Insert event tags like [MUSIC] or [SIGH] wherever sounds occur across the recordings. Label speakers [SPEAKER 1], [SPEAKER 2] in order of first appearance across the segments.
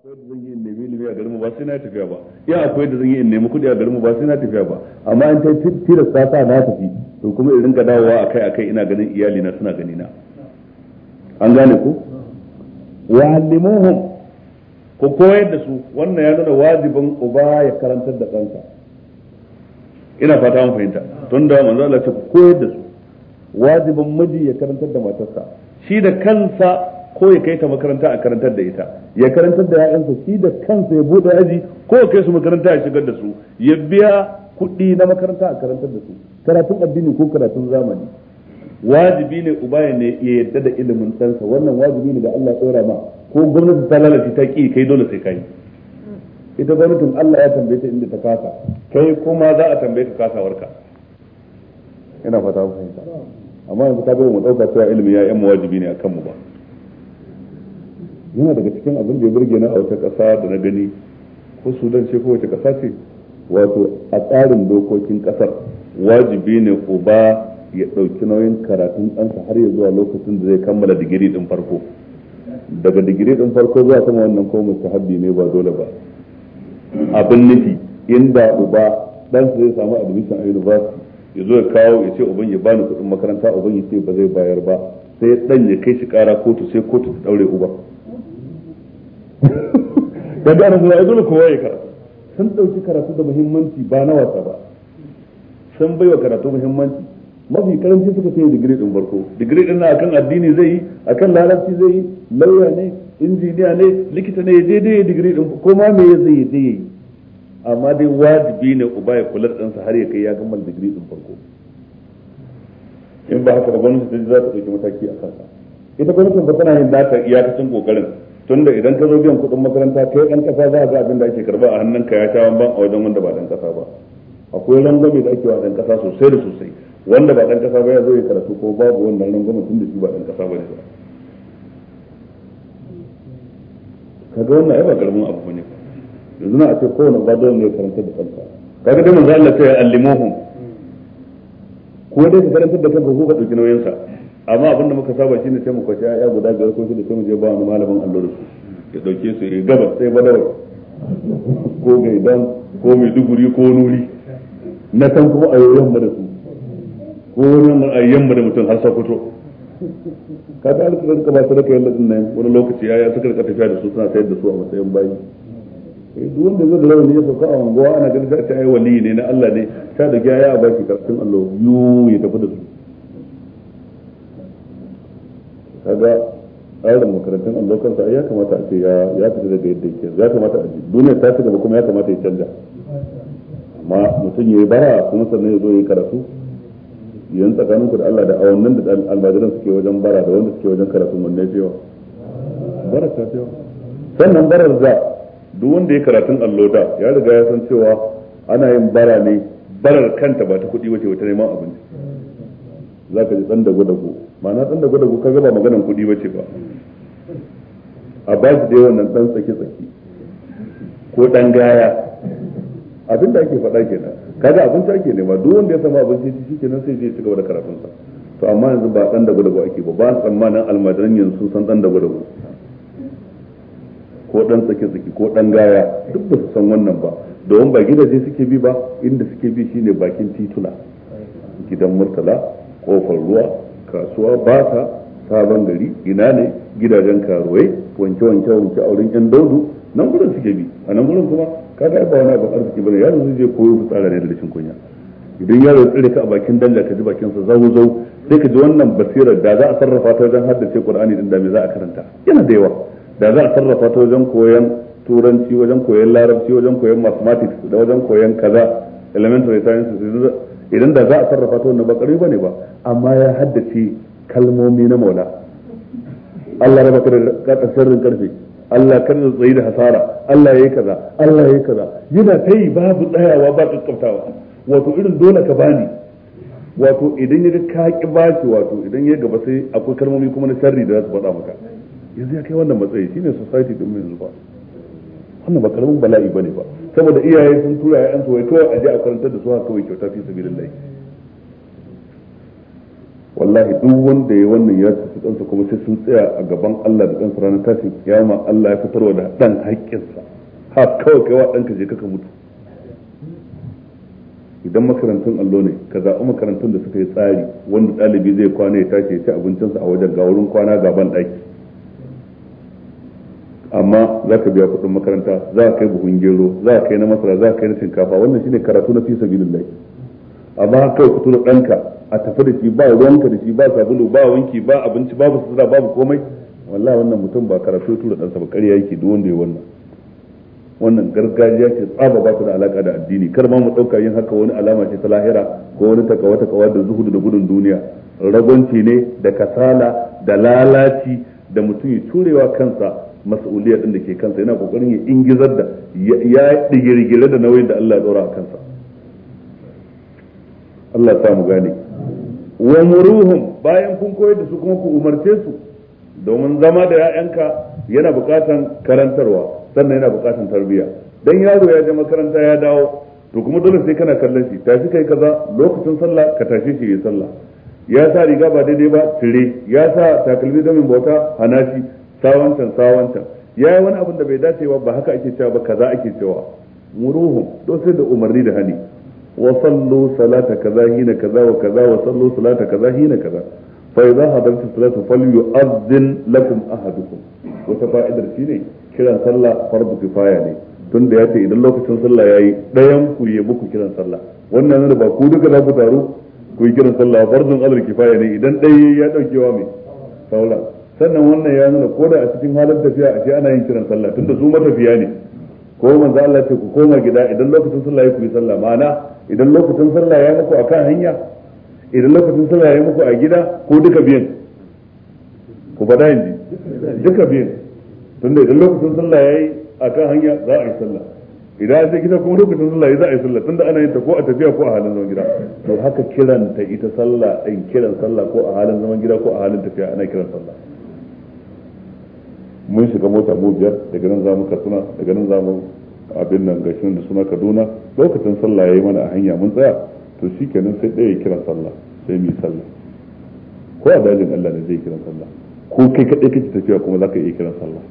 [SPEAKER 1] akwai da zan yi in nemi ilimi a garinmu ba sai na tafiya ba ya akwai da zan yi in nemi kuɗi a garinmu ba sai na tafiya ba amma in ta tilasta sa na tafi to kuma in rinka dawowa akai akai ina ganin iyali na suna ganina an gane ku wa allimuhum ku koyar da su wannan ya nuna wajibin uba ya karantar da ɗansa ina fata mun fahimta tun da manzo Allah ce ku koyar da su wajibin miji ya karantar da matarsa shi da kansa ko ya kai ta makaranta a karantar da ita ya karantar da ya'yansa shi da kansa ya bude aji ko ya kai su makaranta ya shigar da su ya biya kuɗi na makaranta a karantar da su karatun addini ko karatun zamani wajibi ne uba ya ne ya yarda da ilimin ɗansa wannan wajibi ne da Allah tsora ma ko gwamnati ta lalace ta ki kai dole sai kai ita gwamnatin Allah ya tambaye ta inda ta kasa kai kuma za a tambaye ka kasawarka ina fata ku fahimta amma yanzu ta bai mu dauka cewa ilimi ya mu wajibi ne akan mu ba yana daga cikin abin da ya burge na a wata ƙasa da na gani ko sudan ce ko wace ƙasa ce wato a tsarin dokokin ƙasar wajibi ne ko ba ya ɗauki nauyin karatun ɗansa har ya zuwa lokacin da zai kammala digiri ɗin farko daga digiri ɗin farko zuwa sama wannan ko mustahabbi ne ba dole ba abin nufi inda uba ɗansa zai samu admission a university ya zo ya kawo ya ce uban ya bani kuɗin makaranta uban ya ce ba zai bayar ba sai dan ya kai shi ƙara kotu sai kotu ta ɗaure uban ga da rasu ya dole kowa ya karatu sun dauki karatu da muhimmanci ba na wasa ba sun baiwa karatu muhimmanci mafi karanci suka sai digiri din farko digiri din na akan addini zai yi akan larabci zai yi lauya ne injiniya ne likita ne je dai digiri din ko ma me zai je dai? amma dai wajibi ne uba ya kula da har ya kai ya kammala digiri din farko in ba haka ba gwamnati ta za ta ɗauki mataki a kansa ita gwamnatin ba tana yin ta iyakacin kokarin tunda idan ka zo biyan kuɗin makaranta kai ɗan ƙasa za ga abin da ake karba a hannun ka ya sha ban a wajen wanda ba ɗan ƙasa ba akwai rangwame da ake wa ɗan ƙasa sosai da sosai wanda ba ɗan ƙasa ba ya zo ya karatu ko babu wannan rangwame tun da shi ba ɗan ƙasa ba ne ba kaga wannan ai ba karamin abu bane yanzu na a ce kowane ba dole ne karanta da kanka kaga dai manzo Allah sai ya allimuhum ko dai ka karanta da kanka ko ka dauki nauyin sa amma abin da muka saba shine sai mu kwaci ya guda biyar ko shida sai mu je ba wani malamin allo da su ya dauke su ya gaba sai badawai ko dan ko mai duguri ko nuri na san kuma a yamma da su ko wani a yamma da mutum har fito ka ta alƙalin ka ba da yalla din nan wani lokaci yaya suka rika tafiya da su suna sayar da su a matsayin bayi eh duk wanda zai da rauni ya sauka a unguwa ana ganin za ta yi wali ne na Allah ne ta da ya a baki karatun Allah yu ya tafi da su kaga tsarin makarantun allo kansa ya kamata a ce ya ya fita daga yadda yake ya kamata a ji duniya ta ci gaba kuma ya kamata ya canja amma mutum ya yi bara kuma sannan ya zo ya yi karatu yan tsakanin ku da Allah da awannan da almajiran suke wajen bara da wanda suke wajen karatu wanne fi yawa bara ta fi yawa sannan barar za duk wanda ya karatun allo da ya riga ya san cewa ana yin bara ne barar kanta ba ta kuɗi wace wata neman abinci za ka ji ɗan dago dago ma'ana dan da gwada ku gaba maganin maganan kuɗi ce ba a ba shi dai wannan dan tsaki tsaki ko dan gaya abin da ake faɗa kenan kaga abinci ake nema duk wanda ya samu abinci shi kenan sai zai ci gaba da karatunsa to amma yanzu ba dan da gwada ake ba ba tsammanin almajiran yanzu san dan da gwada ko dan tsaki tsaki ko dan gaya duk ba su san wannan ba domin ba gidaje suke bi ba inda suke bi shine bakin tituna gidan murtala kofar ruwa kasuwa ba ta sabon gari ina ne gidajen karuwai wanke wanke wanke auren yan daudu nan gudun suke bi a nan gudun kuma ka ga ba wani abin arziki bane yaro zai je koyo tsara ne da rashin kunya idan yaro ya tsire ka a bakin dalla ka ji bakin sa zau zau sai ka ji wannan basirar da za a sarrafa ta wajen haddace Qur'ani din da me za a karanta yana da yawa da za a sarrafa ta wajen koyon turanci wajen koyon larabci wajen koyon mathematics da wajen koyon kaza elementary sciences idan da za a sarrafa ta wannan ba karbi bane ba amma ya haddace kalmomi na maula Allah ya ka da sharrin karfe Allah kar da tsayi da hasara Allah yayi kaza Allah yayi kaza yana tai babu tsayawa ba kakkautawa wato irin dole ka bani wato idan ya ka ki wato idan ya gaba sai akwai kalmomi kuma na sharri da za su faɗa maka yanzu ya kai wannan matsayi shine society din mu yanzu ba wannan ba karamin bala'i bane ba saboda iyaye sun tura ya'yan su wai kawai aje a karantar da su haka kawai kyauta fi sabilillah wallahi duk wanda ya wannan ya tafi ɗansa kuma sai sun tsaya a gaban Allah da ɗansa ranar tashin kiyama Allah ya fitarwa da dan haƙƙinsa ha kawai kai wa ka je kaka mutu idan makarantun allo ne ka zaɓi makarantun da suka yi tsari wanda ɗalibi zai kwana ya tashi ya ci abincinsa a wajen ga wurin kwana gaban ɗaki amma za ka biya kuɗin makaranta za ka kai buhun gero za ka kai na masara za ka kai na shinkafa wannan shine karatu na fi sabilillah amma kai ku tura ɗanka a tafi da shi ba ruwanka da shi ba sabulu ba wanki ba abinci babu sutura babu komai wallahi wannan mutum ba karatu tura ɗansa ba ƙarya yake duk wanda ya wannan wannan gargajiya ce tsaba ba ta da alaka da addini kar ma mu ɗauka yin haka wani alama ce ta lahira ko wani takawa takawa da zuhudu da gudun duniya ragonci ne da kasala da lalaci da mutum ya turewa kansa mas'uliyya din da ke kansa yana kokarin ya ingizar da ya digirgire da nauyin da Allah ya dora a kansa Allah ya mu gane wa muruhum bayan kun koyar da su kuma ku umarce su domin zama da ya'yanka yana bukatan karantarwa sannan yana bukatan tarbiyya dan yaro ya je makaranta ya dawo to kuma dole sai kana kallon shi tashi kai kaza lokacin sallah ka tashi shi yi sallah ya sa riga ba daidai ba tire ya sa takalmi da bauta hana shi sawancan sawancan ya yi wani abin da bai dacewa ba haka ake cewa ba kaza ake cewa muruhum don sai da umarni da hani wa sallu salata kaza hina kaza wa kaza wa sallu salata kaza hina kaza fa idza hadartu salatu falyu'adhdhin lakum ahadukum wata fa'idar shine kiran sallah fardu kifaya ne tun da ya ce idan lokacin sallah ya yi ɗayan ku yi muku kiran sallah wannan yana ba ku duka za ku taru ku yi kiran sallah farzun alal kifaya ne idan ɗaya ya ɗauke wa mai saula sannan wannan ya nuna ko da a cikin halin tafiya a ce ana yin kiran sallah tunda su matafiya ne ko manzo Allah ce ku koma gida idan lokacin sallah ya ku yi sallah ma'ana idan lokacin sallah ya muku akan hanya idan lokacin sallah ya muku a gida ko duka biyan ku faɗa yin duka biyan tunda idan lokacin sallah ya yi akan hanya za a yi sallah idan a gida kuma lokacin sallah za a yi sallah tunda ana yin ta ko a tafiya ko a halin zaman gida to haka kiran ta ita sallah din kiran sallah ko a halin zaman gida ko a halin tafiya ana kiran sallah mun shiga mota mu biyar daga nan zamu katsina daga nan zamu abin nan ga da suna kaduna lokacin sallah ya yi mana a hanya mun tsaya to shi kenan sai ɗaya kira sallah sai mu yi sallah ko a dajin allah ne zai kira sallah ko kai kaɗai kake tafiya kuma za ka iya kiran sallah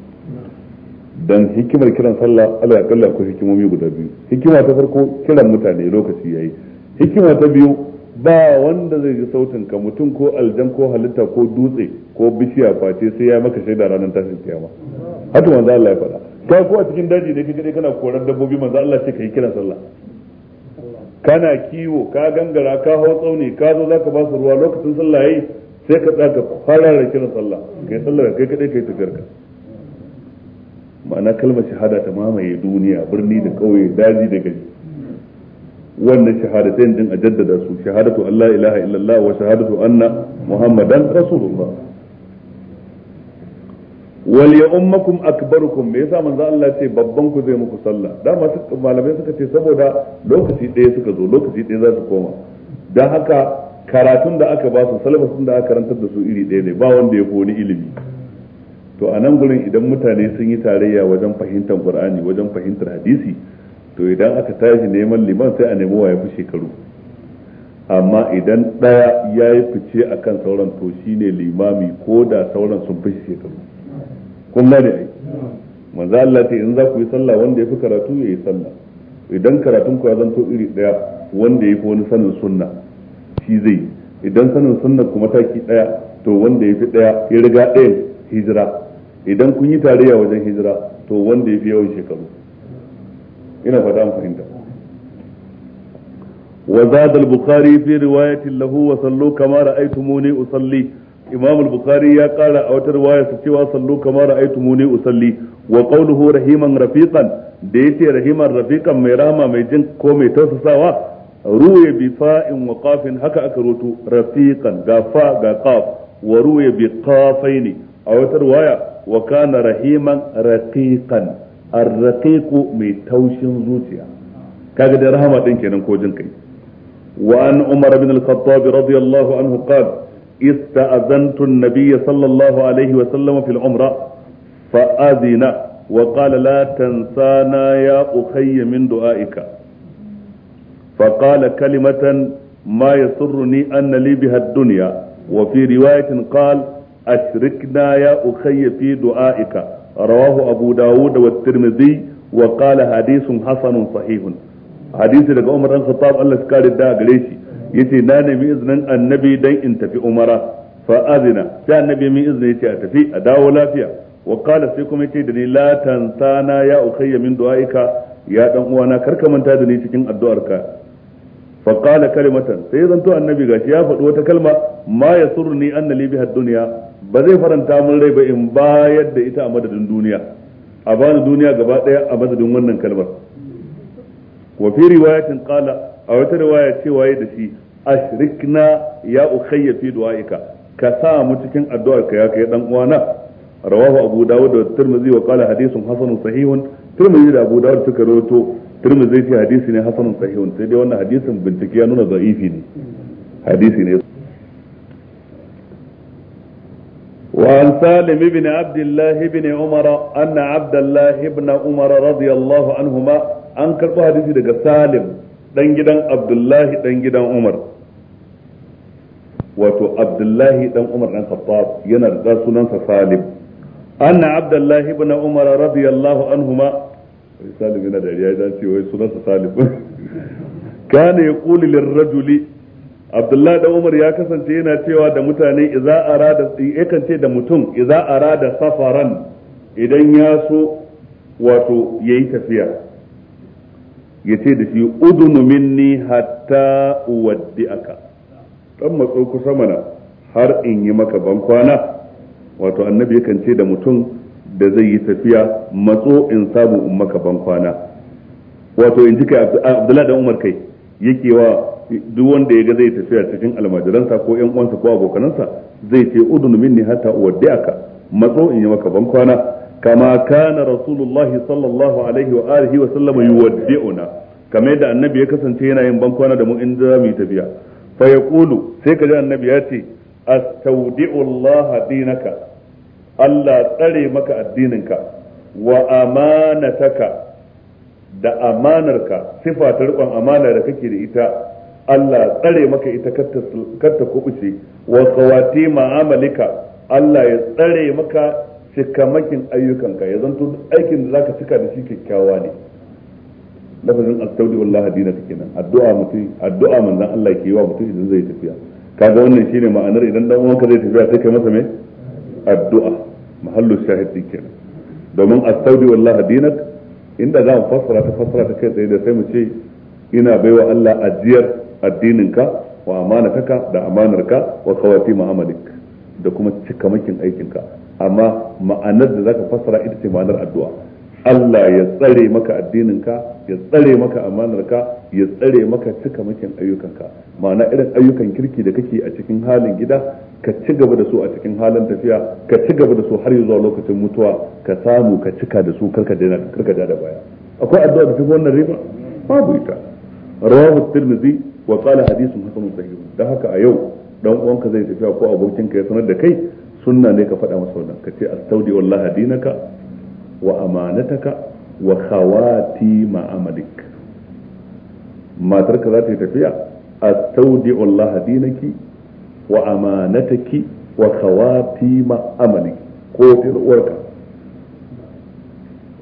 [SPEAKER 1] dan hikimar kiran sallah allah ya kalla hikimomi guda biyu hikima ta farko kiran mutane lokaci ya yi hikima ta biyu ba wanda zai ji sautin ka mutum ko aljan ko halitta ko dutse ko bishiya face sai ya maka shaida ranar tashin kiyama hatu manzo Allah ya faɗa kai ko a cikin daji ne kake kana koran dabbobi manzo Allah sai kai kiran sallah kana kiwo ka gangara ka hau tsauni ka zo zaka ba su ruwa lokacin sallah yayi sai ka tsaka fara da kiran sallah kai sallah kai kadai kai tafiyar ka ma'ana kalmar shahada ta mamaye duniya birni da kauye daji da gari wannan shahadatain din a jaddada su shahadatu Allah ilaha illallah wa shahadatu anna muhammadan rasulullah wal ya ummakum akbarukum me yasa manzo Allah ce babban ku zai muku sallah masu malamai suka ce saboda lokaci ɗaya suka zo lokaci ɗaya za su koma dan haka karatun da aka ba su salafasin da aka karantar da su iri ɗaya ne ba wanda ya wani ilimi to a nan gurin idan mutane sun yi tarayya wajen fahimtar qur'ani wajen fahimtar hadisi to idan aka tashi neman liman sai a nemi wa ya fi shekaru amma idan ɗaya ya yi fice a kan sauran to shi ne limami ko da sauran sun fi shekaru kun gane ai manzo Allah ce in za ku yi sallah wanda ya fi karatu ya yi sallah idan karatun ku ya zanto iri ɗaya wanda ya fi wani sanin sunna shi zai yi idan sanin sunna kuma taki ɗaya to wanda ya fi ɗaya ya riga ɗaya hijira idan kun yi tarayya wajen hijira to wanda ya fi yawan shekaru ina fata an fahimta wa zada al-bukhari fi riwayatin lahu wa sallu kama ra'aytumuni usalli imam al-bukhari ya kara a wata riwaya su cewa sallu kama ra'aytumuni usalli wa qawluhu rahiman rafiqan da yace rahiman rafiqan mai rama mai jin ko mai tausasawa ruwe bi fa'in wa qafin haka aka roto rafiqan ga fa ga qaf wa ruwe bi qafaini a wata riwaya wa kana rahiman raqiqan arraqiqu mai taushin zuciya kaga da rahama din kenan ko jin kai wa an umar bin al-khattab radiyallahu anhu qala استأذنت النبي صلى الله عليه وسلم في العمرة فأذن وقال لا تنسانا يا أخي من دعائك فقال كلمة ما يسرني أن لي بها الدنيا وفي رواية قال أشركنا يا أخي في دعائك rawahu abu dawud wa tirmidhi wa qala hadithun hasanun sahihun hadisi daga umar dan khattab Allah ya kare da gare shi yace na nemi iznin annabi dan in tafi umara fa azina sai annabi min izini yace a tafi a dawo lafiya wa sai kuma ce da ni la tansana ya ukhayya min du'aika ya dan uwana karka manta da ni cikin addu'arka fa qala kalimatan sai zan to annabi gashi ya faɗi wata kalma ma yasurni anna li biha dunya ba zai faranta mun rai ba in bayar da ita a madadin duniya a bani duniya gaba daya a madadin wannan kalmar wa fi riwayatin qala a wata riwaya ce waye da shi ashrikna ya ukhayya fi du'aika ka sa mu cikin addu'ar ka ya kai dan uwana rawahu abu dawud da tirmidhi wa qala hadithun hasanun sahihun tirmidhi da abu dawud suka rawaito tirmidhi ce hadisi ne hasanun sahihun sai dai wannan hadisin bincike ya nuna da'ifi ne hadisi ne وعن سالم بن عبد الله بن عمر أن عبد الله بن عمر رضي الله عنهما أنكر حديث دقى سالم دنجدن عبد الله دنجدن عمر wato abdullahi dan umar dan khattab yana da sunansa salim anna abdullahi ibn umar radiyallahu anhuma salim yana da riya dan ce sunansa salim kana abdullah da umar ya kasance yana cewa da mutane idza arada yakan ce da mutum idza arada safaran idan ya so wato yayi tafiya yace da shi udunu minni hatta uwaddi'aka dan matso kusa mana har in yi maka ban kwana wato annabi yakan ce da mutum da zai yi tafiya matso in samu in maka ban kwana wato in ji kai abdullahi da umar kai yake wa duk wanda ya ga zai tafiya cikin almajiransa ko yan uwansa ko abokanansa zai ce udun minni hatta uwaddi'aka matso in yi maka ban kwana kama kana rasulullahi sallallahu alaihi wa alihi wa sallama yuwaddi'una kamar yadda annabi ya kasance yana yin ban kwana da mu in za mu tafiya fa yaqulu sai kaje ji annabi ya ce astawdi'u Allah dinaka Allah tsare maka addininka wa amanataka da amanarka sifa ta riƙon amana da kake da ita Allah tsare maka ita karta kubuce wa kawati ma'amalika Allah ya tsare maka cikamakin ayyukanka ya zanto aikin da zaka cika da shi kyakkyawa ne lafazin astaudi wallahi dina take nan addu'a mutum addu'a manzon Allah ke yi wa mutum idan zai tafiya kaga wannan shine ma'anar idan dan uwanka zai tafiya sai kai masa me addu'a mahallu shahid kenan domin astaudi wallahi dinak inda za mu fassara ta fassara ta kai tsaye da sai mu ce ina baiwa Allah ajiyar Addinin addininka wa amanataka da amanarka wa kawati mu'amalik da kuma cika cikamakin aikinka amma ma'anar da zaka fassara ita ce ma'anar addu'a Allah ya tsare maka addinin ka, ya tsare maka amanarka ya tsare maka cika cikamakin ka. ma'ana irin ayyukan kirki da kake a cikin halin gida ka ci gaba da su a cikin halin tafiya ka ci gaba da su har zuwa lokacin mutuwa ka samu ka cika da su karka daina karka da baya akwai addu'a da take wannan riba babu ita rawahu tirmidhi wa qala hadithun hasanun sahih dan haka a yau dan uwanka zai tafiya ko abokinka ya sanar da kai sunna ne ka faɗa masa wannan ka ce astaudi wallahi dinaka wa amanataka wa khawati amalik. matarka za ta yi tafiya astaudi wallahi dinaki wa amanataki wa khawati amalik, ko fir'uwarka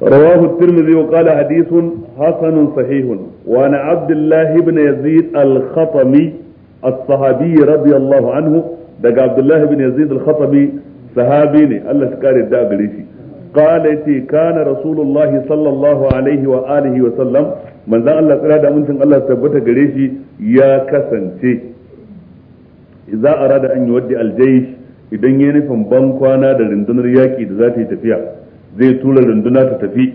[SPEAKER 1] رواه الترمذي وقال حديث حسن صحيح وعن عبد الله بن يزيد الخطمي الصحابي رضي الله عنه دقى عبد الله بن يزيد الخطمي صحابيني الله سكاري الدابري قال كان رسول الله صلى الله عليه وآله وسلم من ذا الله قرأ دامنتن الله ثبت قريشي يا كسنتي إذا أراد أن يودي الجيش idan ya nufin ban kwana da rundunar yaƙi da za ta yi tafiya zai tura runduna ta tafi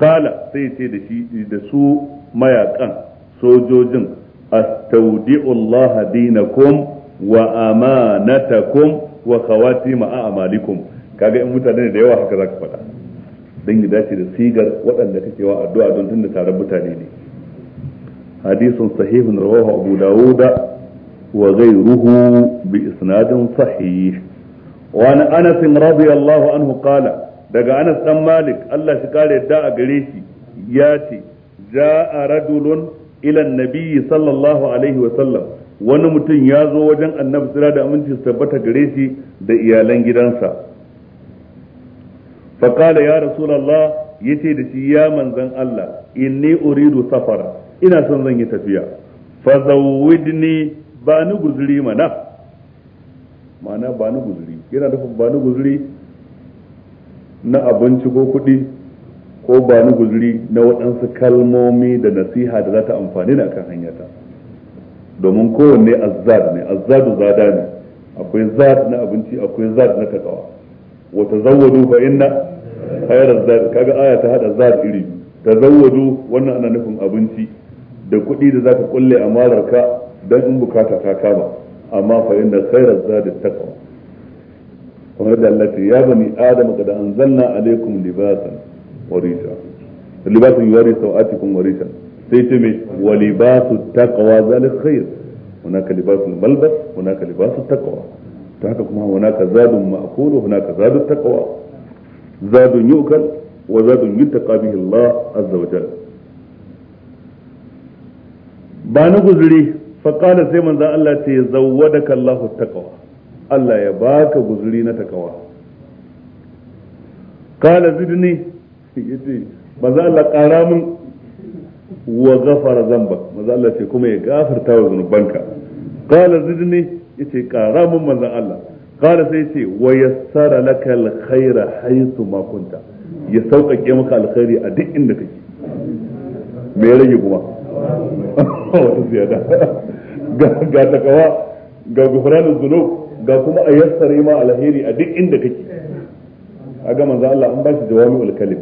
[SPEAKER 1] kala sai ce da shi da su mayakan sojojin astaudi'u Allah dinakum wa amanatakum wa khawatim a'malikum kaga in mutane da yawa haka zaka faɗa dan ya dace da sigar waɗanda kake wa addu'a don tunda taron mutane ne hadisun sahihun rawahu abu dawuda وغيره بإسناد صحيح وعن أنس رضي الله عنه قال daga Anas dan Malik Allah shi kare yadda a gare shi ya ce ja a radulun ilan nabiyyi sallallahu alaihi wa sallam wani mutum ya zo wajen annabi sira da aminci su tabbata gare shi da iyalan gidansa faƙala ya ya ce da shi ya manzan Allah inni uridu safara ina son zan yi tafiya fa zawwidni ba ni guzuri mana ma'ana ba ni guzuri yana nufin ba ni guzuri na abinci ko kuɗi ko ba ni guzuri na waɗansu kalmomi da nasiha da za ta amfani da hanya hanyata domin kowanne azzar ne da zada ne akwai zad na abinci akwai zad na takawa wa zawadu fa inna khayra zad kaga aya ta hada zad iri ta zawadu wannan ana nufin abinci da kuɗi da zaka kulle amararka dan in bukata ta kama amma fa inna khayra zad takawa kamar da Allah ce ya bani adam kada anzalna alaikum libasan wa risha libasan yuwari sawatikum wa risha sai ce mai wa libasu taqwa zalik khair hunaka libasul malbas hunaka libasu taqwa ta haka kuma hunaka zadun ma'kulu hunaka zadut taqwa zadun yukal wa zadun yuttaqa bihi Allah azza wa jalla ba ni guzuri fa qala sai manzo Allah ce zawwadaka Allahu taqwa Allah ya baka guzuri na takawa kala zidni yace maza Allah kara mun wa gafara zamba maza Allah ce kuma ya gafarta wa zunubanka kala zidni yace kara mun manzon Allah kala sai yace wa yassara laka alkhaira haythu ma kunta ya sauƙaƙe maka alkhairi a duk inda kake me rage kuma [LAUGHS] wata ziyada [LAUGHS] ga takawa ga gufranin zunub ga kuma a yassare ma alheri a duk inda kake a ga manzo Allah an bashi jawami'ul kalim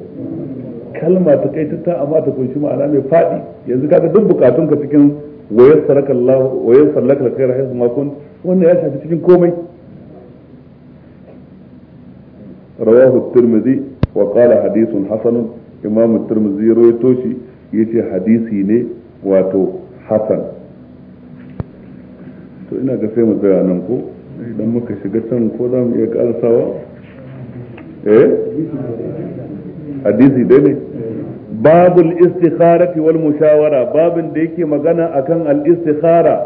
[SPEAKER 1] kalma ta kai ta amma ta kunshi ma'ana mai fadi yanzu kaga duk bukatun ka cikin wayassaraka Allah wayassaraka alkhair ma kun wannan ya shafi cikin komai rawahu at-tirmidhi wa qala hadithun hasan imam at-tirmidhi rawaito shi yace hadisi ne wato hasan to ina ga sai mu tsaya nan ko idan muka shiga can ko za mu iya karasawa eh hadisi dai ne babul istikharati wal mushawara babin da yake magana akan al istikhara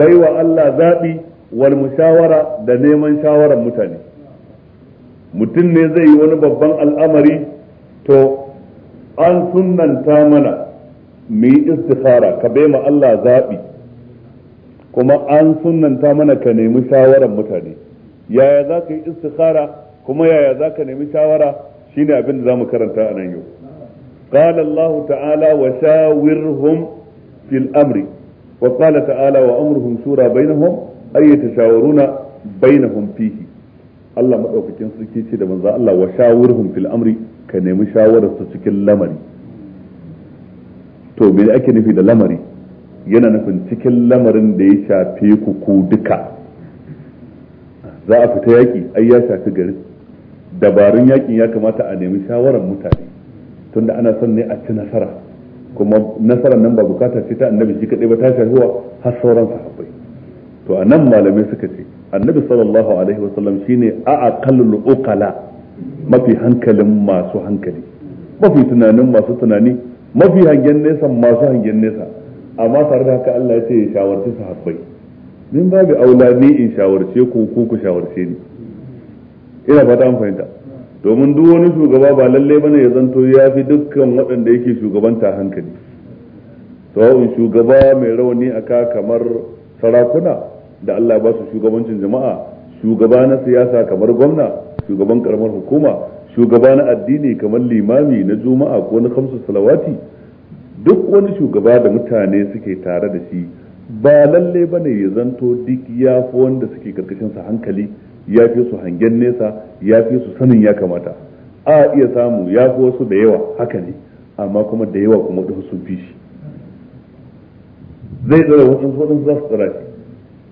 [SPEAKER 1] baiwa Allah zabi wal mushawara da neman shawaran mutane mutum ne zai yi wani babban al'amari to an sunnanta mana mu yi istikhara ka bai ma Allah zabi kuma an sunanta mana ka nemi shawaran mutane yaya za ka yi istikhara kuma yaya za ka nemi shawara shine abin da za mu karanta a nan yau قال الله تعالى وشاورهم في الأمر وقال تعالى وأمرهم شورى بينهم أي يتشاورون Allah maɗaukakin sarki ce da manzo Allah wa shawurhum fil ka nemi shawarar su cikin lamari to me ake nufi da lamari yana nufin cikin lamarin da ya shafe ku ku duka za a fita yaƙi ai ya shafi garin dabarun yaƙin ya kamata a nemi shawarar mutane tunda ana son ne a ci nasara kuma nasarar nan ba bukata ce ta annabi shi kaɗai ba ta shafi wa har sauran sahabbai to a nan malamai suka ce annabi sallallahu alaihi wasallam shine a aqallul uqala mafi hankalin masu hankali mafi tunanin masu tunani mafi hangen nesa masu hangen nesa amma tare da haka Allah ya ce ya shawarci sahabbai min babu aula ne in shawarce ku ko ku shawarce ni ina fata an fahimta domin duk wani shugaba ba lalle bane ya zanto ya fi dukkan waɗanda yake shugabanta hankali sawa'un shugaba mai rauni aka kamar sarakuna da Allah ba su shugabancin jama'a shugaba na siyasa kamar gwamna shugaban karamar hukuma shugaba na addini kamar limami na juma'a ko na kamsu salawati duk wani shugaba da mutane suke tare da shi ba lalle ba ne ya zanto duk ya fi wanda suke karkashin sa hankali ya fi su hangen nesa ya fi su sanin ya kamata a iya samu ya fi wasu da yawa haka ne amma kuma da yawa kuma da sun fi shi zai tsara waɗansu waɗansu za su tsara shi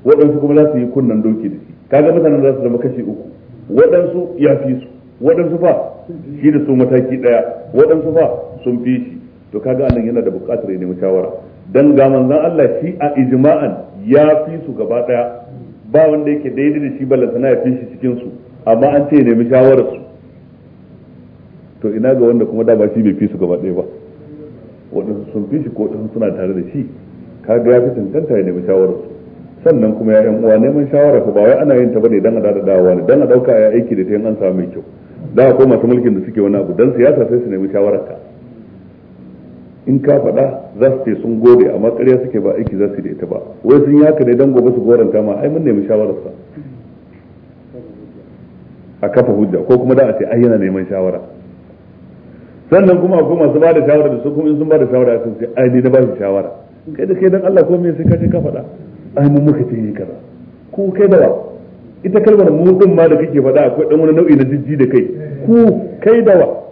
[SPEAKER 1] waɗansu kuma za su yi kunnan doki da shi kaga mutanen za su zama kashi uku waɗansu ya fi su waɗansu fa shi da su mataki ɗaya waɗansu fa sun fi shi to kaga anan yana da buƙatar ya nemi shawara dan ga manzon Allah shi a ijma'an ya fi su gaba daya ba wanda yake daidai da shi ballantana ya fi shi cikin su amma an ce ya nemi shawarar su to ina ga wanda kuma da ba shi bai fi su gaba daya ba waɗansu sun fi shi ko tun suna tare da shi kaga ya fi tantanta ya nemi shawarar su sannan kuma ya yan uwa neman shawara ko ba wai ana yin ta bane dan a dada dawowa ne dan a dauka ya aiki da ta an samu mai kyau da ko masu mulkin da suke wani abu dan siyasa sai su nemi shawarar ka in ka faɗa za su ce sun gode amma ƙarya suke ba aiki za su da ita ba wai sun yi haka ne don gobe su goranta ma ai mun nemi shawararsa a kafa hujja ko kuma da a ce ai yana neman shawara sannan kuma akwai masu ba da shawara da su kuma in sun ba da shawara a sun ce ai ni na ba shi shawara kai da kai dan Allah ko me sai ka ce ka faɗa ai mun muka ce yi kaza ku kai da wa ita kalmar mu din ma da kake faɗa akwai dan wani nau'i na jijji da kai ku kai da wa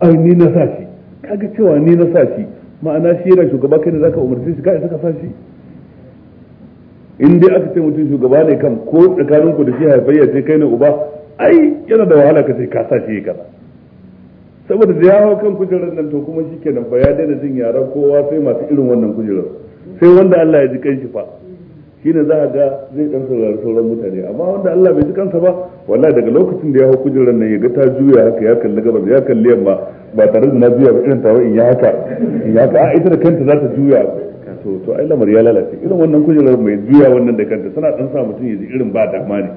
[SPEAKER 1] ai ni na sa shi kaga cewa ni na sa shi ma'ana shi yana shugaba kai ne zaka umarce shi ka isa ka sa shi in dai aka ce mutum shugaba ne kan ko tsakanin ku da shi haifayya sai kai ne uba ai yana da wahala ka ce ka sa shi kaza saboda da ya hau kan kujerar nan to kuma shi ke nan ba ya daina jin yaran kowa sai masu irin wannan kujerar sai wanda Allah ya ji kan shi fa shine za a ga zai dan saurari sauran mutane amma wanda Allah bai ji kansa ba wallahi daga lokacin da ya hau kujerar nan ya ga ta juya haka ya kalli gabas ya kalli yamma ba tare da na juya ba irin tawa in ya haka in ya haka a ita da kanta za ta juya to to ai lamar ya lalace irin wannan kujerar mai juya wannan da kanta tana dan sa mutum ya ji irin ba dama ne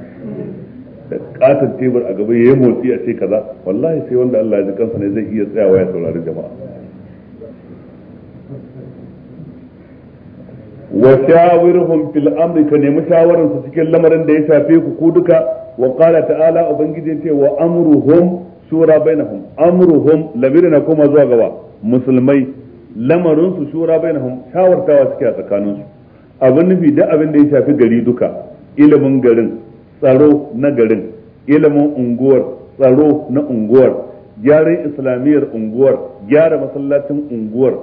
[SPEAKER 1] da katon tebur a gaba ya yi motsi a ce kaza wallahi sai wanda Allah ya ji kansa ne zai iya tsayawa ya saurari jama'a wa shawirhum fil amri ka nemi shawaran su cikin lamarin da ya shafe ku ku duka wa qala ta'ala ubangiji ce wa amruhum shura bainahum amruhum na kuma zuwa gaba musulmai lamarin su shura bainahum shawartawa suke a tsakanin su abin nufi da abin da ya shafi gari duka ilimin garin tsaro na garin ilimin unguwar tsaro na unguwar gyaran islamiyyar unguwar gyara masallacin unguwar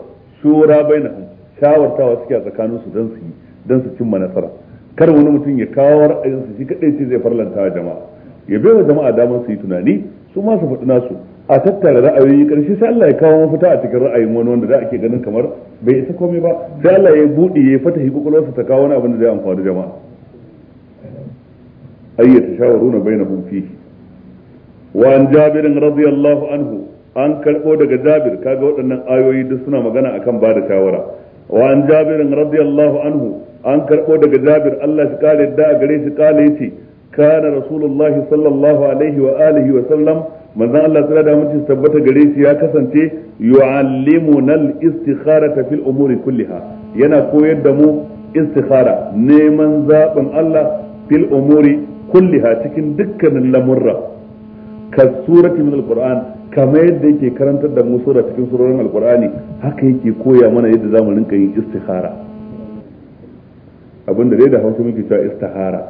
[SPEAKER 1] shura bainahum shawartawa suke a tsakanin su don su yi don su cimma nasara kar wani mutum ya kawo ra'ayin su shi kadai ce zai farlanta jama'a ya bai wa jama'a damar su yi tunani su ma su faɗi nasu a tattara ra'ayoyi ƙarshe sai Allah ya kawo mafita a cikin ra'ayin wani wanda da ake ganin kamar bai isa komai ba sai Allah ya buɗe ya fata hi kokolwarsa ta kawo wani abin da zai amfani jama'a ayyata shawaruna bainahum fihi wa an jabirin radiyallahu anhu an karɓo daga jabir kaga waɗannan ayoyi duk suna magana akan ba da shawara wa an jabir radiyallahu anhu an karbo daga jabir Allah shi kare da gare shi kale yace kana rasulullahi sallallahu alaihi wa alihi wa sallam manzon Allah tsara da tabbata gare ya kasance yu'allimuna al-istikharata fil umuri kulliha yana koyar da mu istikhara neman zaben Allah fil umuri kulliha cikin dukkanin lamurra ka surati kamar yadda yake karantar da mu sura cikin surorin alkur'ani haka yake koya mana yadda zamanin rinka yin istihara abinda dai da hausa muke cewa istihara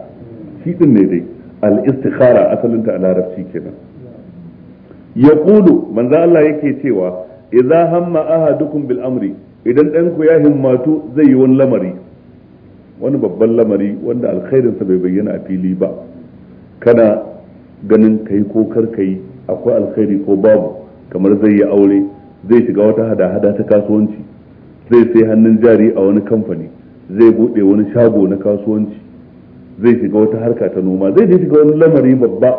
[SPEAKER 1] shi din ne dai al istihara asalin ta a larabci kenan kudu manzo Allah yake cewa idza hamma ahadukum bil amri idan dan ku ya himmatu zai yi wani lamari wani babban lamari wanda alkhairinsa bai bayyana a fili ba kana ganin kai ko kar kai akwai alkhairi ko babu kamar zai yi aure zai shiga wata hada-hada ta kasuwanci zai sai hannun jari a wani kamfani zai buɗe wani shago na kasuwanci zai shiga wata harka ta noma zai je shiga wani lamari babba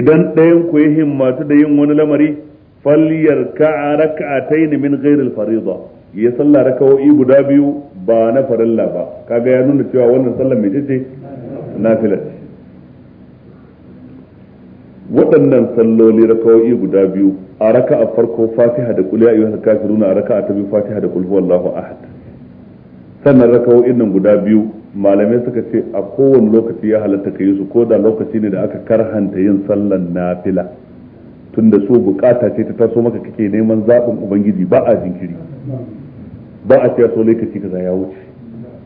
[SPEAKER 1] idan ɗayan ku ya himmatu da yin wani lamari falliyar ka'a raka'atayn min ghairil fariza ya sallah raka'o'i guda biyu ba na farilla ba kaga ya nuna cewa wannan sallar mai ce na waɗannan salloli rakawai guda biyu a raka a farko fatiha da kul ya ayyuhal kafiruna a raka a tabi fatiha da kul a ahad sannan raka'o'in nan guda biyu malamai suka ce a kowane lokaci ya halatta ka yi su ko da lokaci ne da aka karhanta yin sallan nafila tunda so bukata ce ta taso maka kake neman zaɓin ubangiji ba a jinkiri ba a cewa so lokaci kaza ya wuce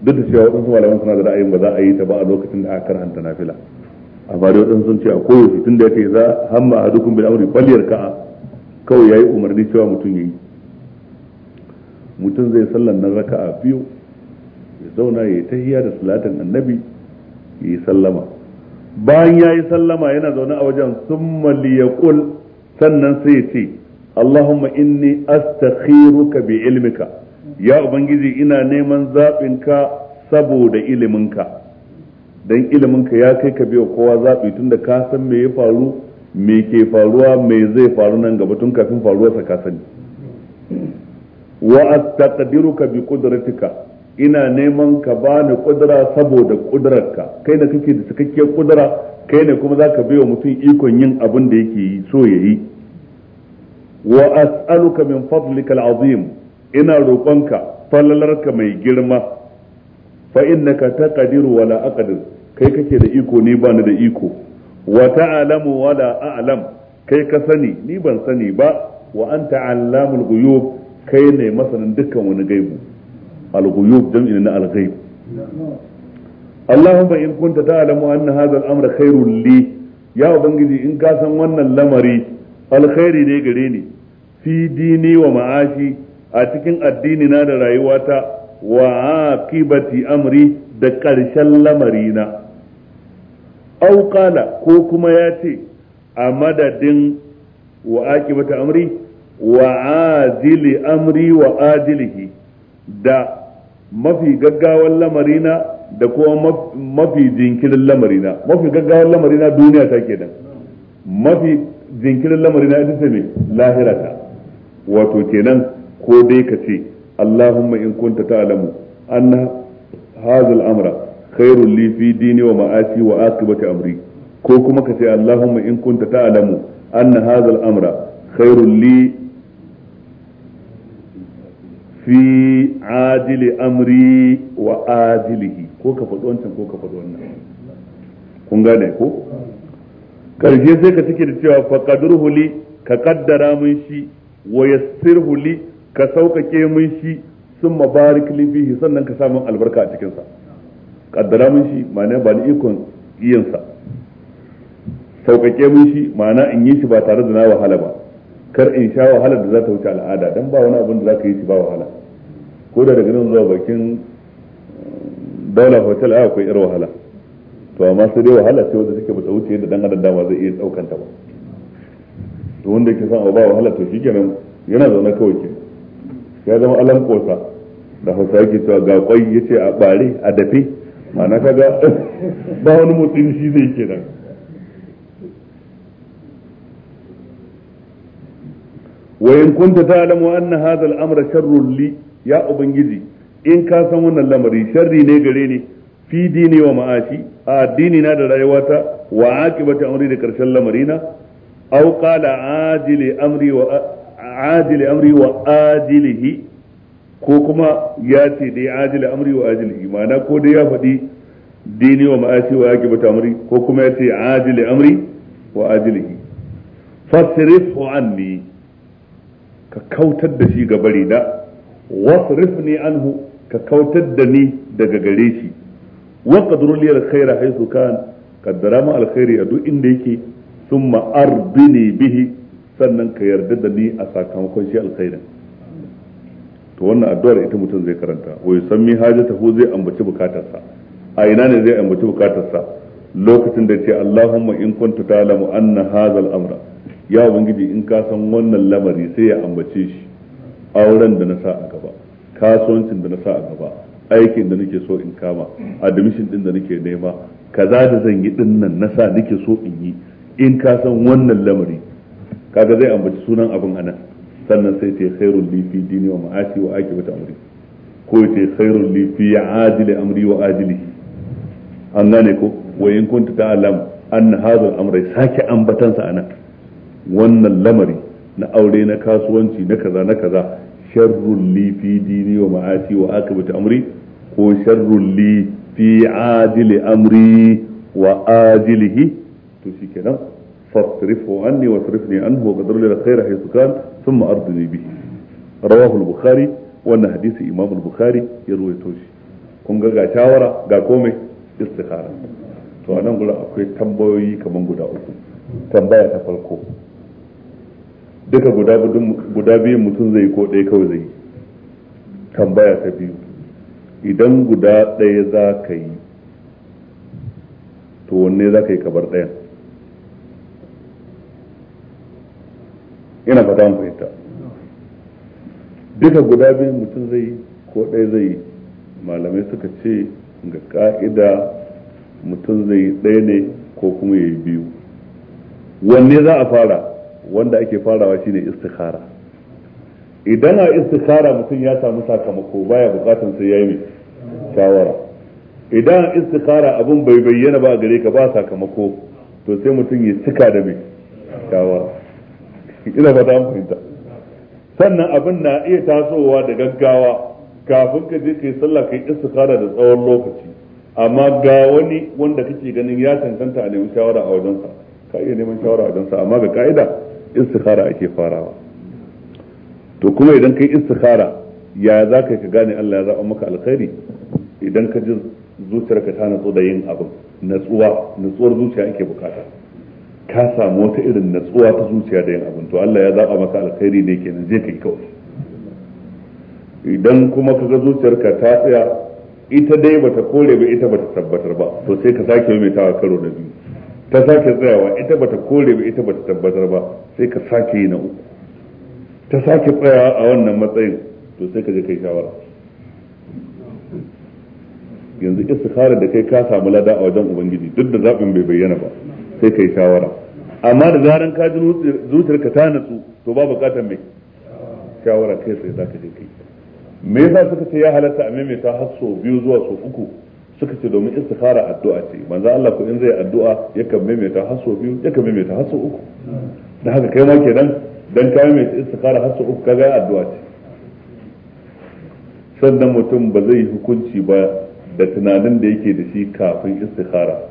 [SPEAKER 1] duk da cewa waɗansu malaman suna da ra'ayin ba za a yi ta ba a lokacin da aka karhanta nafila a dai waɗansu sun ce a koyaushe tun da ya ce za hamma a dukkan bin amurin kwalliyar ka'a kawai ya yi umarni cewa mutum ya yi mutum zai sallan nan raka'a biyu ya zauna ya yi tahiya da salatin annabi ya yi sallama bayan ya yi sallama yana zaune a wajen summa kul sannan sai ya ce Allahumma inni astakhiruka bi ilmika ya ubangiji ina neman zaɓinka saboda iliminka dan iliminka ya kai ka biyo kowa zaɓi tun da ka san me ya faru me ke faruwa me zai faru nan gaba tun kafin sa ka sani wa astaqdiruka bi qudratika ina neman ka bani kudura saboda kudurarka kai da kake da cikakkiyar kudura kai ne kuma zaka biyo mutum ikon yin abin da yake yi so yayi wa as'aluka min fadlika al'azim ina roƙonka falalarka mai girma fa innaka taqdiru wa aqdir kai kake da iko ni ba ni da iko wa ta'lamu wa a'lam kai ka sani ni ban sani ba wa anta allamul ghuyub kai ne masanin dukkan wani gaibu al ghuyub jam'i na al ghaib Allahumma in kunta ta'lamu anna hadha al amra rulli li ya ubangiji in ka san wannan lamari alkhairi ne gare ni fi dini wa ma'ashi a cikin addini na da rayuwata wa aqibati amri da ƙarshen lamarina au qala ko kuma ya ce a madadin wa aqibati amri wa azili amri wa ajilihi da mafi gaggawan lamarina da kuma mafi jinkirin lamarina mafi gaggawan lamarina duniya ta ke mafi jinkirin lamarina ita ce lahirata wato kenan ko dai ka ce اللهم إن كنت تعلم أن هذا الأمر خير لي في ديني ومآتي وآقبة أمري كوكما كتي اللهم إن كنت تعلم أن هذا الأمر خير لي في عادل أمري وآدله كوكا فدوان كوكا فدوان kun gane ko ƙarshe sai ka cike da cewa faƙadurhu لي ka kaddara mun shi wa ka sauƙaƙe mun shi sun mabarik bihi sannan ka samun albarka a cikinsa ƙaddara mun shi ma'ana ba ni ikon iyansa sauƙaƙe mun shi ma'ana in yi shi ba tare da na wahala ba kar in sha wahala da za ta wuce al'ada don ba wani abin da za ka yi shi ba wahala ko da daga nan zuwa bakin eh, daula hotel a akwai 'yar wahala to amma sai dai wahala ce wanda take bata wuce yadda dan adam dama zai iya daukanta ba to wanda yake son abu ba wahala to kenan yana zaune kawai ke ya zama alan kosa da hausa yake cewa ga kwai yace a bare a dafe mana kaga [LAUGHS] ba wani motsin shi zai ke nan wayan kunta alamu an na hada al'amura sharrun li ya ubangiji in ka san wannan lamari sharri ne gare ni fi dini wa ma'ashi a addini na da rayuwata wa bata amri da karshen lamarina au qala ajili amri wa ajili amri wa ajilihi ko kuma ya ce dai ajili amri wa ajilihi ma'ana ko dai ya faɗi dini wa ma'aci wa yaki bata amri ko kuma ya ce ajili amri wa ajilihi an anni ka kautar da shi ga bari da wasrifni anhu ka kautar da ni daga gare shi wa qadru li alkhaira haythu kan qaddara ma alkhairi a duk inda yake thumma ardini bihi sannan ka yarda da ni a sakamakon shi alkhairin to wannan addu'ar ita mutum zai karanta wai san haja ta hajatahu zai ambaci bukatarsa a ina ne zai ambaci bukatarsa lokacin da ce Allahumma in kunta ta'lamu anna hadha amra ya ubangiji in ka san wannan lamari sai ya ambace shi auren da na sa a gaba kasuwancin da na sa a gaba aikin da nake so in kama admission din da nake nema kaza da zan yi dinnan na sa nake so in yi in ka san wannan lamari kaga zai ambaci sunan abin anan sannan sai ce khairul li fi dini wa ma'ashi wa aqibati amri ko ce khairul li ya ajili amri wa ajili an gane ko wa in kunta ta'lam anna hadha al-amra sake ambatansa anan wannan lamari na aure na kasuwanci na kaza na kaza sharrul li dini wa ma'ashi wa aqibati amri ko sharrul li fi ajili amri wa ajilihi to kenan. فاصرفه عني واصرفني عنه وقدر لي الخير حيث كان ثم ارضني به رواه البخاري وان حديث امام البخاري يروي توشي kun ga ga shawara ga komai istikhara to a nan gurin akwai tambayoyi kamar guda uku tambaya ta farko duka guda biyun mutum zai ko ɗaya kawai zai tambaya ta biyu idan guda ɗaya za ka yi to wanne za ka yi kabar ɗayan ina fata mu fahimta duka guda biyu mutum zai yi ko ɗaya zai yi malamai suka ce ga ka'ida mutum zai yi ɗaya ne ko kuma ya yi biyu wanne za a fara wanda ake farawa shine istikhara idan a istikhara mutum ya samu sakamako baya bukatar sai ya yi mai shawara idan a istikhara abin bai bayyana ba gare ka ba sakamako to sai mutum ya cika da mai shawara ina ba ta fahimta sannan abin na iya tasowa da gaggawa kafin ka je ka yi sallah ka yi istikhara da tsawon lokaci amma ga wani wanda kake ganin ya cancanta a nemi shawara a wajensa ka iya neman shawara a wajensa amma ga ka'ida istikhara ake farawa to kuma idan yi istikhara ya za ka ka gane Allah ya zaɓa maka alkhairi idan ka ji zuciyarka ta natsu da yin abin natsuwa natsuwar zuciya ake bukata ka samu wata irin natsuwa ta zuciya da yin abin to Allah ya zaba maka alkhairi ne kenan zai kai kawai idan kuma kaga zuciyarka ta tsaya ita dai bata kore ba ita bata tabbatar ba to sai ka sake mai tawa karo na biyu ta sake tsayawa ita bata kore ba ita bata tabbatar ba sai ka sake yi na uku ta sake tsayawa a wannan matsayin to sai ka je kai shawara yanzu istikhara da kai ka samu lada a wajen ubangiji duk da zaɓin bai bayyana ba sai kai shawara amma da zaran ka ji ka ta natsu to ba bukatar mai shawara kai sai za ka je kai me yasa suka ce ya halatta a maimaita har sau biyu zuwa sau uku suka ce domin istikhara addu'a ce manzo Allah ko in zai addu'a yakan maimaita har sau biyu yakan maimaita har sau uku dan haka kai ma kenan dan ka maimaita istikhara har uku uku kaga addu'a ce sannan mutum ba zai hukunci ba da tunanin da yake da shi kafin istikhara